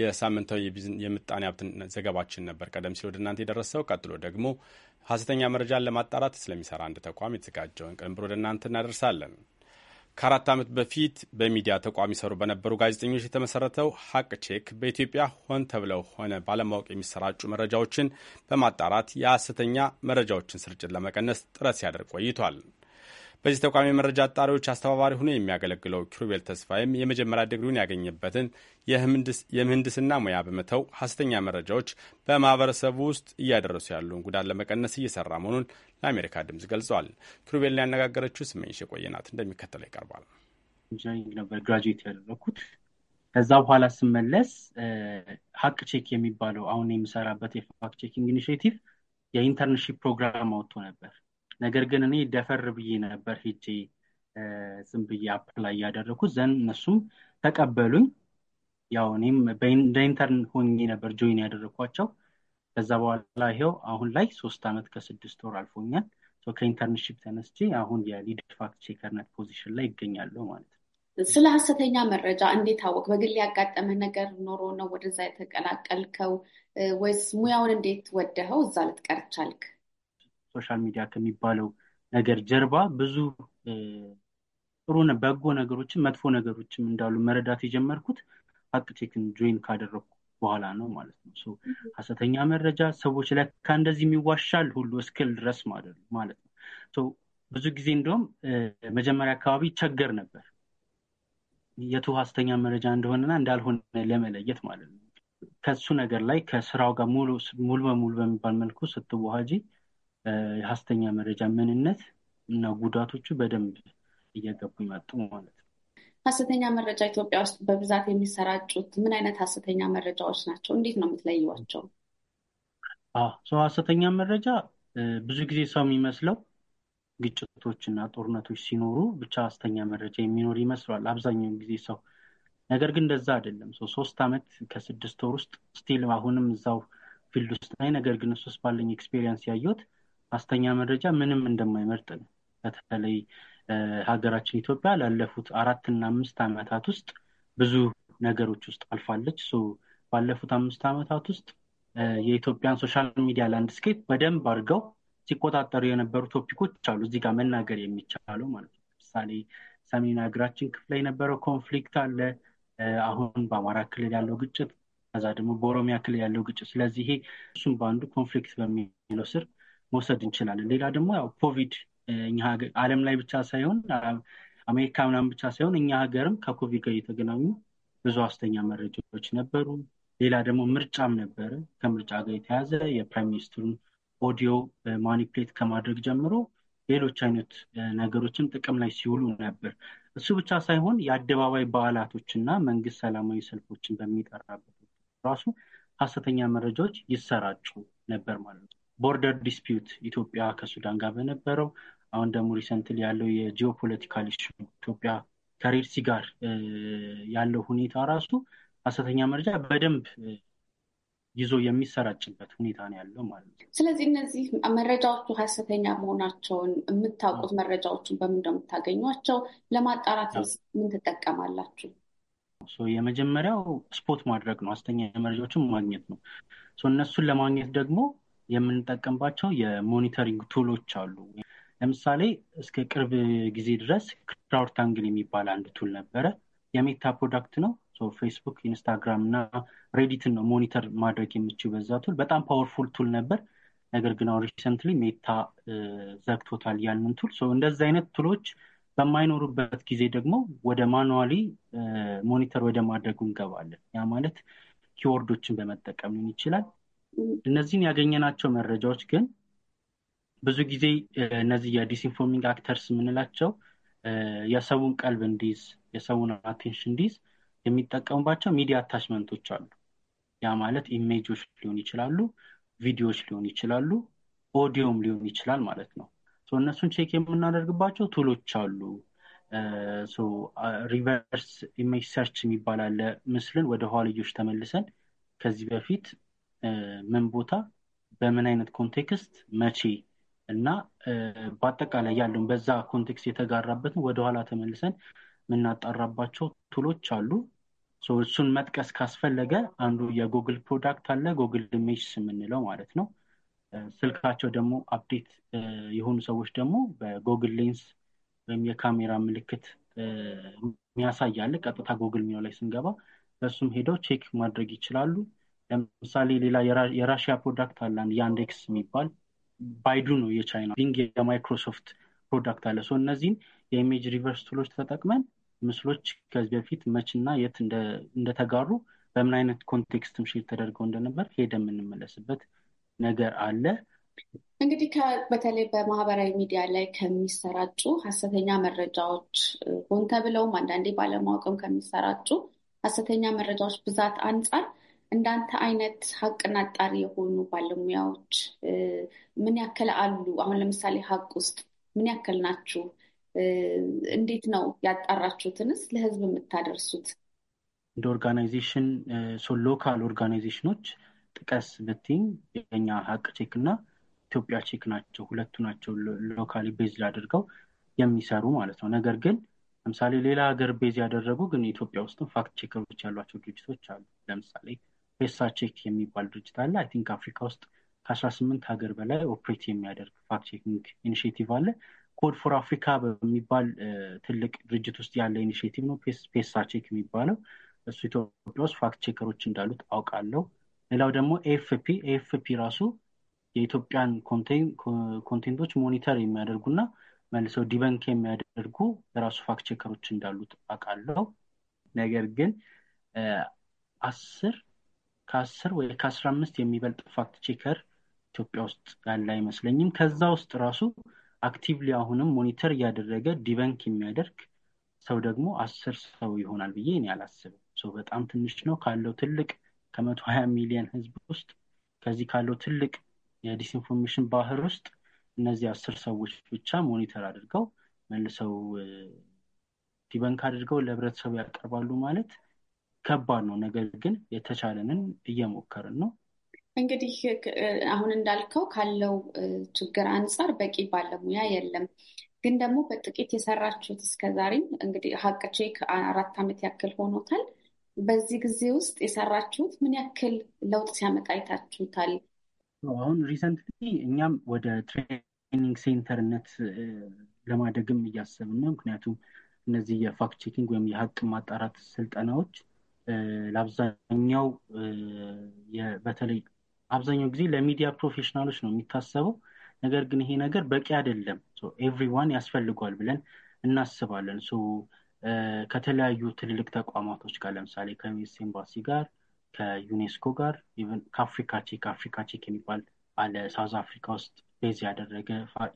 የሳምንታዊ የምጣኔ ሀብት ዘገባችን ነበር ቀደም ሲል ወደ እናንተ የደረሰው። ቀጥሎ ደግሞ ሀሰተኛ መረጃን ለማጣራት ስለሚሰራ አንድ ተቋም የተዘጋጀውን ቅንብር ወደ እናንተ እናደርሳለን። ከአራት ዓመት በፊት በሚዲያ ተቋም ይሰሩ በነበሩ ጋዜጠኞች የተመሰረተው ሀቅ ቼክ በኢትዮጵያ ሆን ተብለው ሆነ ባለማወቅ የሚሰራጩ መረጃዎችን በማጣራት የሐሰተኛ መረጃዎችን ስርጭት ለመቀነስ ጥረት ሲያደርግ ቆይቷል። በዚህ ተቋም የመረጃ አጣሪዎች አስተባባሪ ሆኖ የሚያገለግለው ኪሩቤል ተስፋዬም የመጀመሪያ ድግሪውን ያገኘበትን የምህንድስና ሙያ በመተው ሐሰተኛ መረጃዎች በማህበረሰቡ ውስጥ እያደረሱ ያሉን ጉዳት ለመቀነስ እየሰራ መሆኑን ለአሜሪካ ድምፅ ገልጸዋል። ኪሩቤልን ያነጋገረችው ስመኝሽ የቆየናት እንደሚከተለው ይቀርባል። ኢንጂነሪንግ ነበር ግራጁዌት ያደረኩት። ከዛ በኋላ ስመለስ ሀቅ ቼክ የሚባለው አሁን የምሰራበት የፋክት ቼኪንግ ኢኒሽቲቭ የኢንተርንሺፕ ፕሮግራም አውጥቶ ነበር። ነገር ግን እኔ ደፈር ብዬ ነበር ሄጄ ዝም ብዬ አፕላይ ያደረግኩት ዘን እነሱም ተቀበሉኝ። ያው እኔም እንደ ኢንተርን ሆኜ ነበር ጆይን ያደረግኳቸው። ከዛ በኋላ ይሄው አሁን ላይ ሶስት ዓመት ከስድስት ወር አልፎኛል። ከኢንተርንሽፕ ተነስቼ አሁን የሊድ ፋክት ቼከርነት ፖዚሽን ላይ ይገኛለሁ ማለት ነው። ስለ ሀሰተኛ መረጃ እንዴት አወቅ? በግል ያጋጠመ ነገር ኖሮ ነው ወደዛ የተቀላቀልከው ወይስ ሙያውን እንዴት ወደኸው እዛ ልትቀር ቻልክ? ሶሻል ሚዲያ ከሚባለው ነገር ጀርባ ብዙ ጥሩ በጎ ነገሮችን መጥፎ ነገሮችም እንዳሉ መረዳት የጀመርኩት ሀቅ ቴክን ጆይን ካደረግኩ በኋላ ነው ማለት ነው። ሀሰተኛ መረጃ ሰዎች ለካ እንደዚህ የሚዋሻል ሁሉ እስክል ድረስ ማለት ነው። ብዙ ጊዜ እንደውም መጀመሪያ አካባቢ ቸገር ነበር የቱ ሀሰተኛ መረጃ እንደሆነና እንዳልሆነ ለመለየት ማለት ነው። ከሱ ነገር ላይ ከስራው ጋር ሙሉ በሙሉ በሚባል መልኩ ስትዋሃጂ የሀሰተኛ መረጃ ምንነት እና ጉዳቶቹ በደንብ እየገቡ ይመጡ ማለት ነው። ሀሰተኛ መረጃ ኢትዮጵያ ውስጥ በብዛት የሚሰራጩት ምን አይነት ሀሰተኛ መረጃዎች ናቸው? እንዴት ነው የምትለይዋቸው? ሰው ሀሰተኛ መረጃ ብዙ ጊዜ ሰው የሚመስለው ግጭቶች እና ጦርነቶች ሲኖሩ ብቻ ሀሰተኛ መረጃ የሚኖር ይመስለዋል አብዛኛውን ጊዜ ሰው። ነገር ግን እንደዛ አይደለም። ሰው ሶስት አመት ከስድስት ወር ውስጥ ስቲል አሁንም እዛው ፊልድ ውስጥ ላይ ነገር ግን እሱስ ባለኝ ኤክስፔሪየንስ ያየሁት አስተኛ መረጃ ምንም እንደማይመርጥ ነው። በተለይ ሀገራችን ኢትዮጵያ ላለፉት አራትና አምስት ዓመታት ውስጥ ብዙ ነገሮች ውስጥ አልፋለች። ባለፉት አምስት ዓመታት ውስጥ የኢትዮጵያን ሶሻል ሚዲያ ላንድስኬፕ በደንብ አድርገው ሲቆጣጠሩ የነበሩ ቶፒኮች አሉ እዚህ ጋር መናገር የሚቻለው ማለት ነው። ለምሳሌ ሰሜን ሀገራችን ክፍል የነበረው ኮንፍሊክት አለ። አሁን በአማራ ክልል ያለው ግጭት፣ ከዛ ደግሞ በኦሮሚያ ክልል ያለው ግጭት። ስለዚህ ይሄ እሱም በአንዱ ኮንፍሊክት በሚለው ስር መውሰድ እንችላለን። ሌላ ደግሞ ያው ኮቪድ ዓለም ላይ ብቻ ሳይሆን አሜሪካ ምናምን ብቻ ሳይሆን እኛ ሀገርም ከኮቪድ ጋር የተገናኙ ብዙ አስተኛ መረጃዎች ነበሩ። ሌላ ደግሞ ምርጫም ነበረ። ከምርጫ ጋር የተያዘ የፕራይም ሚኒስትሩን ኦዲዮ ማኒፕሌት ከማድረግ ጀምሮ ሌሎች አይነት ነገሮችም ጥቅም ላይ ሲውሉ ነበር። እሱ ብቻ ሳይሆን የአደባባይ በዓላቶች እና መንግስት ሰላማዊ ሰልፎችን በሚጠራበት ራሱ ሀሰተኛ መረጃዎች ይሰራጩ ነበር ማለት ነው። ቦርደር ዲስፒዩት ኢትዮጵያ ከሱዳን ጋር በነበረው አሁን ደግሞ ሪሰንትሊ ያለው የጂኦፖለቲካል ኢሹ ኢትዮጵያ ከሬድሲ ጋር ያለው ሁኔታ ራሱ ሀሰተኛ መረጃ በደንብ ይዞ የሚሰራጭበት ሁኔታ ነው ያለው ማለት ነው። ስለዚህ እነዚህ መረጃዎቹ ሀሰተኛ መሆናቸውን የምታውቁት መረጃዎችን በምን እንደምታገኟቸው ለማጣራት ምን ትጠቀማላችሁ? የመጀመሪያው ስፖት ማድረግ ነው፣ ሀሰተኛ መረጃዎችን ማግኘት ነው። እነሱን ለማግኘት ደግሞ የምንጠቀምባቸው የሞኒተሪንግ ቱሎች አሉ። ለምሳሌ እስከ ቅርብ ጊዜ ድረስ ክራውድታንግል የሚባል አንድ ቱል ነበረ። የሜታ ፕሮዳክት ነው። ፌስቡክ፣ ኢንስታግራም እና ሬዲትን ነው ሞኒተር ማድረግ የምችው በዛ ቱል። በጣም ፓወርፉል ቱል ነበር። ነገር ግን አሁን ሪሰንትሊ ሜታ ዘግቶታል ያንን ቱል። እንደዚ አይነት ቱሎች በማይኖሩበት ጊዜ ደግሞ ወደ ማኑዋሊ ሞኒተር ወደ ማድረጉ እንገባለን። ያ ማለት ኪወርዶችን በመጠቀም ሊሆን ይችላል እነዚህን ያገኘናቸው መረጃዎች ግን ብዙ ጊዜ እነዚህ የዲስኢንፎርሚንግ አክተርስ የምንላቸው የሰውን ቀልብ እንዲይዝ የሰውን አቴንሽን እንዲይዝ የሚጠቀሙባቸው ሚዲያ አታችመንቶች አሉ። ያ ማለት ኢሜጆች ሊሆን ይችላሉ፣ ቪዲዮዎች ሊሆን ይችላሉ፣ ኦዲዮም ሊሆን ይችላል ማለት ነው። እነሱን ቼክ የምናደርግባቸው ቱሎች አሉ። ሪቨርስ ኢሜጅ ሰርች የሚባል አለ። ምስልን ወደ ኋልዮች ተመልሰን ከዚህ በፊት ምን ቦታ በምን አይነት ኮንቴክስት መቼ እና በአጠቃላይ ያለውን በዛ ኮንቴክስት የተጋራበትን ወደኋላ ተመልሰን የምናጣራባቸው ቱሎች አሉ። እሱን መጥቀስ ካስፈለገ አንዱ የጉግል ፕሮዳክት አለ፣ ጉግል ሜሽስ የምንለው ማለት ነው። ስልካቸው ደግሞ አፕዴት የሆኑ ሰዎች ደግሞ በጉግል ሌንስ ወይም የካሜራ ምልክት የሚያሳያለ ቀጥታ ጉግል ሚው ላይ ስንገባ በእሱም ሄደው ቼክ ማድረግ ይችላሉ። ለምሳሌ ሌላ የራሽያ ፕሮዳክት አለ አንድ የአንዴክስ የሚባል ባይዱ ነው የቻይና ቢንግ የማይክሮሶፍት ፕሮዳክት አለ ሰው እነዚህን የኢሜጅ ሪቨርስ ቱሎች ተጠቅመን ምስሎች ከዚህ በፊት መችና የት እንደተጋሩ በምን አይነት ኮንቴክስትም ሼር ተደርገው እንደነበር ሄደ የምንመለስበት ነገር አለ። እንግዲህ በተለይ በማህበራዊ ሚዲያ ላይ ከሚሰራጩ ሀሰተኛ መረጃዎች ሆን ተብለውም አንዳንዴ ባለማወቅም ከሚሰራጩ ሀሰተኛ መረጃዎች ብዛት አንጻር እንዳንተ አይነት ሀቅና አጣሪ የሆኑ ባለሙያዎች ምን ያክል አሉ? አሁን ለምሳሌ ሀቅ ውስጥ ምን ያክል ናችሁ? እንዴት ነው ያጣራችሁትንስ ለህዝብ የምታደርሱት? እንደ ኦርጋናይዜሽን ሎካል ኦርጋናይዜሽኖች ጥቀስ ብትኝ የኛ ሀቅ ቼክ እና ኢትዮጵያ ቼክ ናቸው። ሁለቱ ናቸው ሎካሊ ቤዝ አድርገው የሚሰሩ ማለት ነው። ነገር ግን ለምሳሌ ሌላ ሀገር ቤዝ ያደረጉ ግን ኢትዮጵያ ውስጥም ፋክት ቼከሮች ያሏቸው ድርጅቶች አሉ። ለምሳሌ ፔሳ ቼክ የሚባል ድርጅት አለ። አይ ቲንክ አፍሪካ ውስጥ ከአስራ ስምንት ሀገር በላይ ኦፕሬት የሚያደርግ ፋክት ቼኪንግ ኢኒሽቲቭ አለ። ኮድ ፎር አፍሪካ በሚባል ትልቅ ድርጅት ውስጥ ያለ ኢኒሽቲቭ ነው ፔሳ ቼክ የሚባለው። እሱ ኢትዮጵያ ውስጥ ፋክት ቼከሮች እንዳሉት አውቃለሁ። ሌላው ደግሞ ኤፍፒ ኤፍፒ ራሱ የኢትዮጵያን ኮንቴንቶች ሞኒተር የሚያደርጉና መልሰው ዲበንክ የሚያደርጉ የራሱ ፋክት ቼከሮች እንዳሉት አውቃለሁ። ነገር ግን አስር ከአስር ወይ ከአስራ አምስት የሚበልጥ ፋክት ቼከር ኢትዮጵያ ውስጥ ያለ አይመስለኝም። ከዛ ውስጥ ራሱ አክቲቭሊ አሁንም ሞኒተር እያደረገ ዲበንክ የሚያደርግ ሰው ደግሞ አስር ሰው ይሆናል ብዬ እኔ አላስብም። በጣም ትንሽ ነው ካለው ትልቅ ከመቶ ሀያ ሚሊዮን ህዝብ ውስጥ ከዚህ ካለው ትልቅ የዲስኢንፎርሜሽን ባህር ውስጥ እነዚህ አስር ሰዎች ብቻ ሞኒተር አድርገው መልሰው ዲበንክ አድርገው ለህብረተሰቡ ያቀርባሉ ማለት ከባድ ነው። ነገር ግን የተቻለንን እየሞከርን ነው። እንግዲህ አሁን እንዳልከው ካለው ችግር አንጻር በቂ ባለሙያ የለም። ግን ደግሞ በጥቂት የሰራችሁት እስከዛሬም እንግዲህ ሀቅ ቼክ አራት ዓመት ያክል ሆኖታል። በዚህ ጊዜ ውስጥ የሰራችሁት ምን ያክል ለውጥ ሲያመጣ አይታችሁታል? አሁን ሪሰንትሊ እኛም ወደ ትሬኒንግ ሴንተርነት ለማደግም እያሰብን ነው። ምክንያቱም እነዚህ የፋክት ቼኪንግ ወይም የሀቅ ማጣራት ስልጠናዎች ለአብዛኛው በተለይ አብዛኛው ጊዜ ለሚዲያ ፕሮፌሽናሎች ነው የሚታሰበው። ነገር ግን ይሄ ነገር በቂ አይደለም። ኤቭሪዋን ያስፈልጓል ብለን እናስባለን። ከተለያዩ ትልልቅ ተቋማቶች ጋር ለምሳሌ ከዩኤስ ኤምባሲ ጋር፣ ከዩኔስኮ ጋር፣ ከአፍሪካ ቼክ አፍሪካ ቼክ የሚባል አለ ሳውዝ አፍሪካ ውስጥ ቤዝ ያደረገ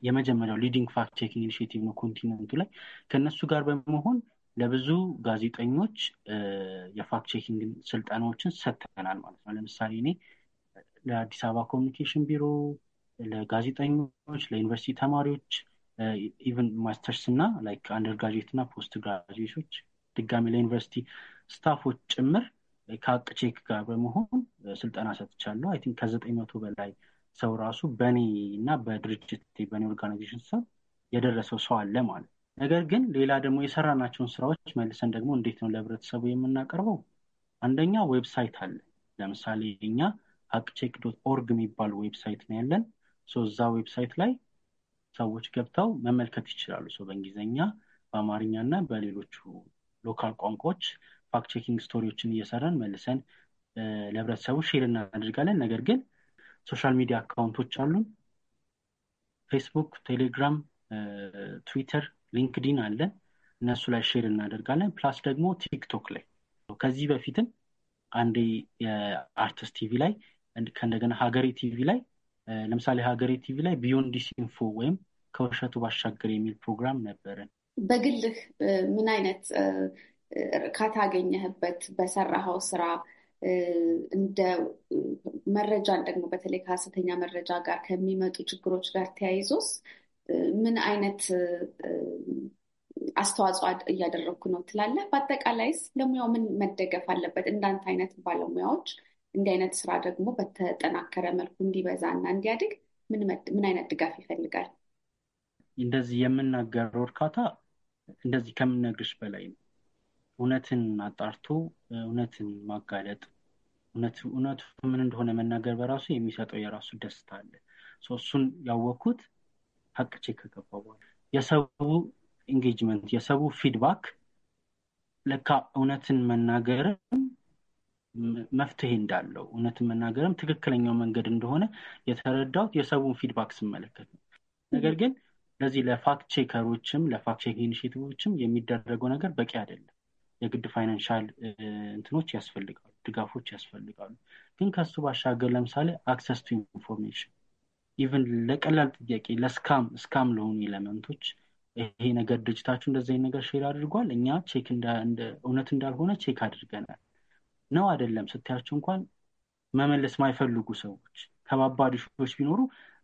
የመጀመሪያው ሊዲንግ ፋክት ቼክ ኢኒሽቲቭ ነው ኮንቲኔንቱ ላይ ከእነሱ ጋር በመሆን ለብዙ ጋዜጠኞች የፋክት ቼኪንግ ስልጠናዎችን ሰጥተናል ማለት ነው። ለምሳሌ እኔ ለአዲስ አበባ ኮሚኒኬሽን ቢሮ፣ ለጋዜጠኞች፣ ለዩኒቨርሲቲ ተማሪዎች ኢቨን ማስተርስ እና ላይክ አንደር ግራጁዌት እና ፖስት ግራጁዌቶች ድጋሚ ለዩኒቨርሲቲ ስታፎች ጭምር ከአቅ ቼክ ጋር በመሆን ስልጠና ሰጥቻለሁ። አይ ቲንክ ከዘጠኝ መቶ በላይ ሰው ራሱ በእኔ እና በድርጅት በእኔ ኦርጋናይዜሽን ሰብ የደረሰው ሰው አለ ማለት ነው። ነገር ግን ሌላ ደግሞ የሰራናቸውን ስራዎች መልሰን ደግሞ እንዴት ነው ለህብረተሰቡ የምናቀርበው? አንደኛ ዌብሳይት አለ። ለምሳሌ እኛ ሀቅቼክ ዶት ኦርግ የሚባል ዌብሳይት ነው ያለን። እዛ ዌብሳይት ላይ ሰዎች ገብተው መመልከት ይችላሉ። ሰው በእንግሊዝኛ በአማርኛ እና በሌሎቹ ሎካል ቋንቋዎች ፋክት ቼኪንግ ስቶሪዎችን እየሰራን መልሰን ለህብረተሰቡ ሼር እናደርጋለን። ነገር ግን ሶሻል ሚዲያ አካውንቶች አሉን። ፌስቡክ፣ ቴሌግራም፣ ትዊተር ሊንክዲን አለ፣ እነሱ ላይ ሼር እናደርጋለን። ፕላስ ደግሞ ቲክቶክ ላይ ከዚህ በፊትም አንዴ የአርትስ ቲቪ ላይ ከእንደገና ሀገሬ ቲቪ ላይ ለምሳሌ ሀገሬ ቲቪ ላይ ቢዮንድ ዲስኢንፎ ወይም ከውሸቱ ባሻገር የሚል ፕሮግራም ነበረን። በግልህ ምን አይነት ካታገኘህበት በሰራኸው ስራ እንደ መረጃን ደግሞ በተለይ ከሀሰተኛ መረጃ ጋር ከሚመጡ ችግሮች ጋር ተያይዞስ ምን አይነት አስተዋጽኦ እያደረግኩ ነው ትላለህ? በአጠቃላይስ ለሙያው ምን መደገፍ አለበት? እንዳንተ አይነት ባለሙያዎች እንዲህ አይነት ስራ ደግሞ በተጠናከረ መልኩ እንዲበዛ እና እንዲያድግ ምን አይነት ድጋፍ ይፈልጋል? እንደዚህ የምናገረው እርካታ እንደዚህ ከምነግርሽ በላይ ነው። እውነትን አጣርቶ እውነትን ማጋለጥ እውነቱ ምን እንደሆነ መናገር በራሱ የሚሰጠው የራሱ ደስታ አለ። እሱን ያወቅኩት ሀቅ ቼክ ከገባ በኋላ የሰቡ ኢንጌጅመንት የሰቡ ፊድባክ ለካ እውነትን መናገርም መፍትሄ እንዳለው እውነትን መናገርም ትክክለኛው መንገድ እንደሆነ የተረዳሁት የሰቡን ፊድባክ ስመለከት ነው። ነገር ግን ለዚህ ለፋክት ቼከሮችም ለፋክት ቼክ ኢኒሽቲቮችም የሚደረገው ነገር በቂ አይደለም። የግድ ፋይናንሻል እንትኖች ያስፈልጋሉ፣ ድጋፎች ያስፈልጋሉ። ግን ከሱ ባሻገር ለምሳሌ አክሰስ ቱ ኢንፎርሜሽን ኢቨን ለቀላል ጥያቄ ለስካም ስካም ለሆኑ ኤለመንቶች ይሄ ነገር ድርጅታችሁ እንደዚህ ነገር ሼር አድርጓል፣ እኛ ቼክ እውነት እንዳልሆነ ቼክ አድርገናል ነው አይደለም ስታያቸው እንኳን መመለስ ማይፈልጉ ሰዎች ከባባድ ሾች ቢኖሩ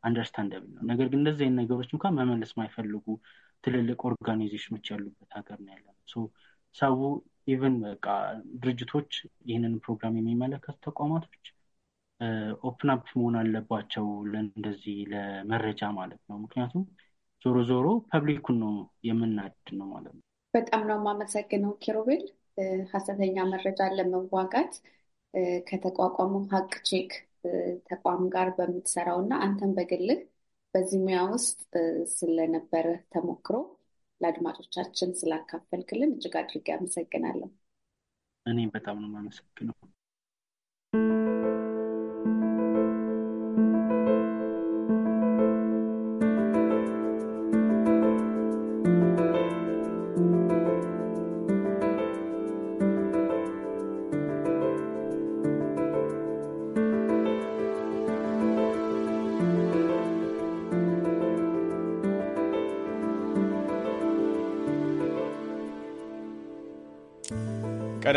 አንደርስታንደብል ነው። ነገር ግን እንደዚህ ነገሮች እንኳን መመለስ ማይፈልጉ ትልልቅ ኦርጋናይዜሽኖች ያሉበት ሀገር ነው ያለ ሰው ኢቨን በቃ ድርጅቶች ይህንን ፕሮግራም የሚመለከቱ ተቋማቶች ኦፕን አፕ መሆን አለባቸው ለእንደዚህ ለመረጃ ማለት ነው። ምክንያቱም ዞሮ ዞሮ ፐብሊኩን ነው የምናድ ነው ማለት ነው። በጣም ነው የማመሰግነው ኪሩቤል። ሀሰተኛ መረጃ ለመዋጋት ከተቋቋመው ሀቅ ቼክ ተቋም ጋር በምትሰራው እና አንተን በግልህ በዚህ ሙያ ውስጥ ስለነበረ ተሞክሮ ለአድማጮቻችን ስላካፈልክልን እጅግ አድርጌ አመሰግናለሁ። እኔ በጣም ነው የማመሰግነው።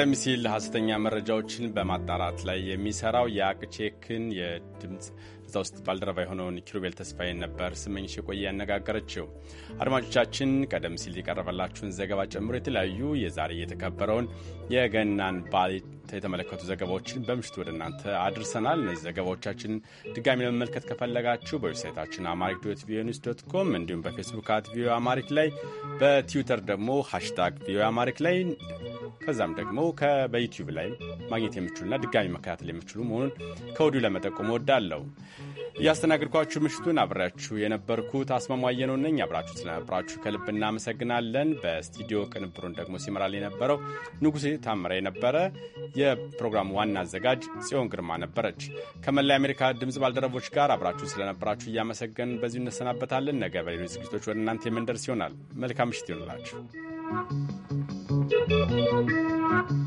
ቀደም ሲል ሀሰተኛ መረጃዎችን በማጣራት ላይ የሚሰራው የአቅቼክን የድምፅ እዛ ውስጥ ባልደረባ የሆነውን ኪሩቤል ተስፋዬን ነበር ስመኝሽ የቆየ ያነጋገረችው። አድማጮቻችን፣ ቀደም ሲል የቀረበላችሁን ዘገባ ጨምሮ የተለያዩ የዛሬ የተከበረውን የገናን በዓል የተመለከቱ ዘገባዎችን በምሽቱ ወደ እናንተ አድርሰናል። እነዚህ ዘገባዎቻችን ድጋሚ ለመመልከት ከፈለጋችሁ በዌብሳይታችን አማሪክ ዶት ቪኦኤ ኒውስ ዶት ኮም እንዲሁም በፌስቡክ አት ቪኦኤ አማሪክ ላይ በትዊተር ደግሞ ሃሽታግ ቪኦኤ አማሪክ ላይ ከዛም ደግሞ በዩቲዩብ ላይ ማግኘት የምችሉና ድጋሚ መከታተል የምችሉ መሆኑን ከወዲሁ ለመጠቆም እወዳለሁ። እያስተናገድኳችሁ ምሽቱን አብራችሁ የነበርኩት አስማማየ ነው ነኝ። አብራችሁ ስለነበራችሁ ከልብ እናመሰግናለን። በስቱዲዮ ቅንብሩን ደግሞ ሲመራል የነበረው ንጉሴ ታምረ የነበረ የፕሮግራሙ ዋና አዘጋጅ ጽዮን ግርማ ነበረች። ከመላ የአሜሪካ ድምፅ ባልደረቦች ጋር አብራችሁ ስለነበራችሁ እያመሰገን በዚሁ እንሰናበታለን። ነገ በሌሎች ዝግጅቶች ወደ እናንተ የምንደርስ ይሆናል። መልካም ምሽት ይሆንላችሁ። Kun,koojjiba kan jiruudha.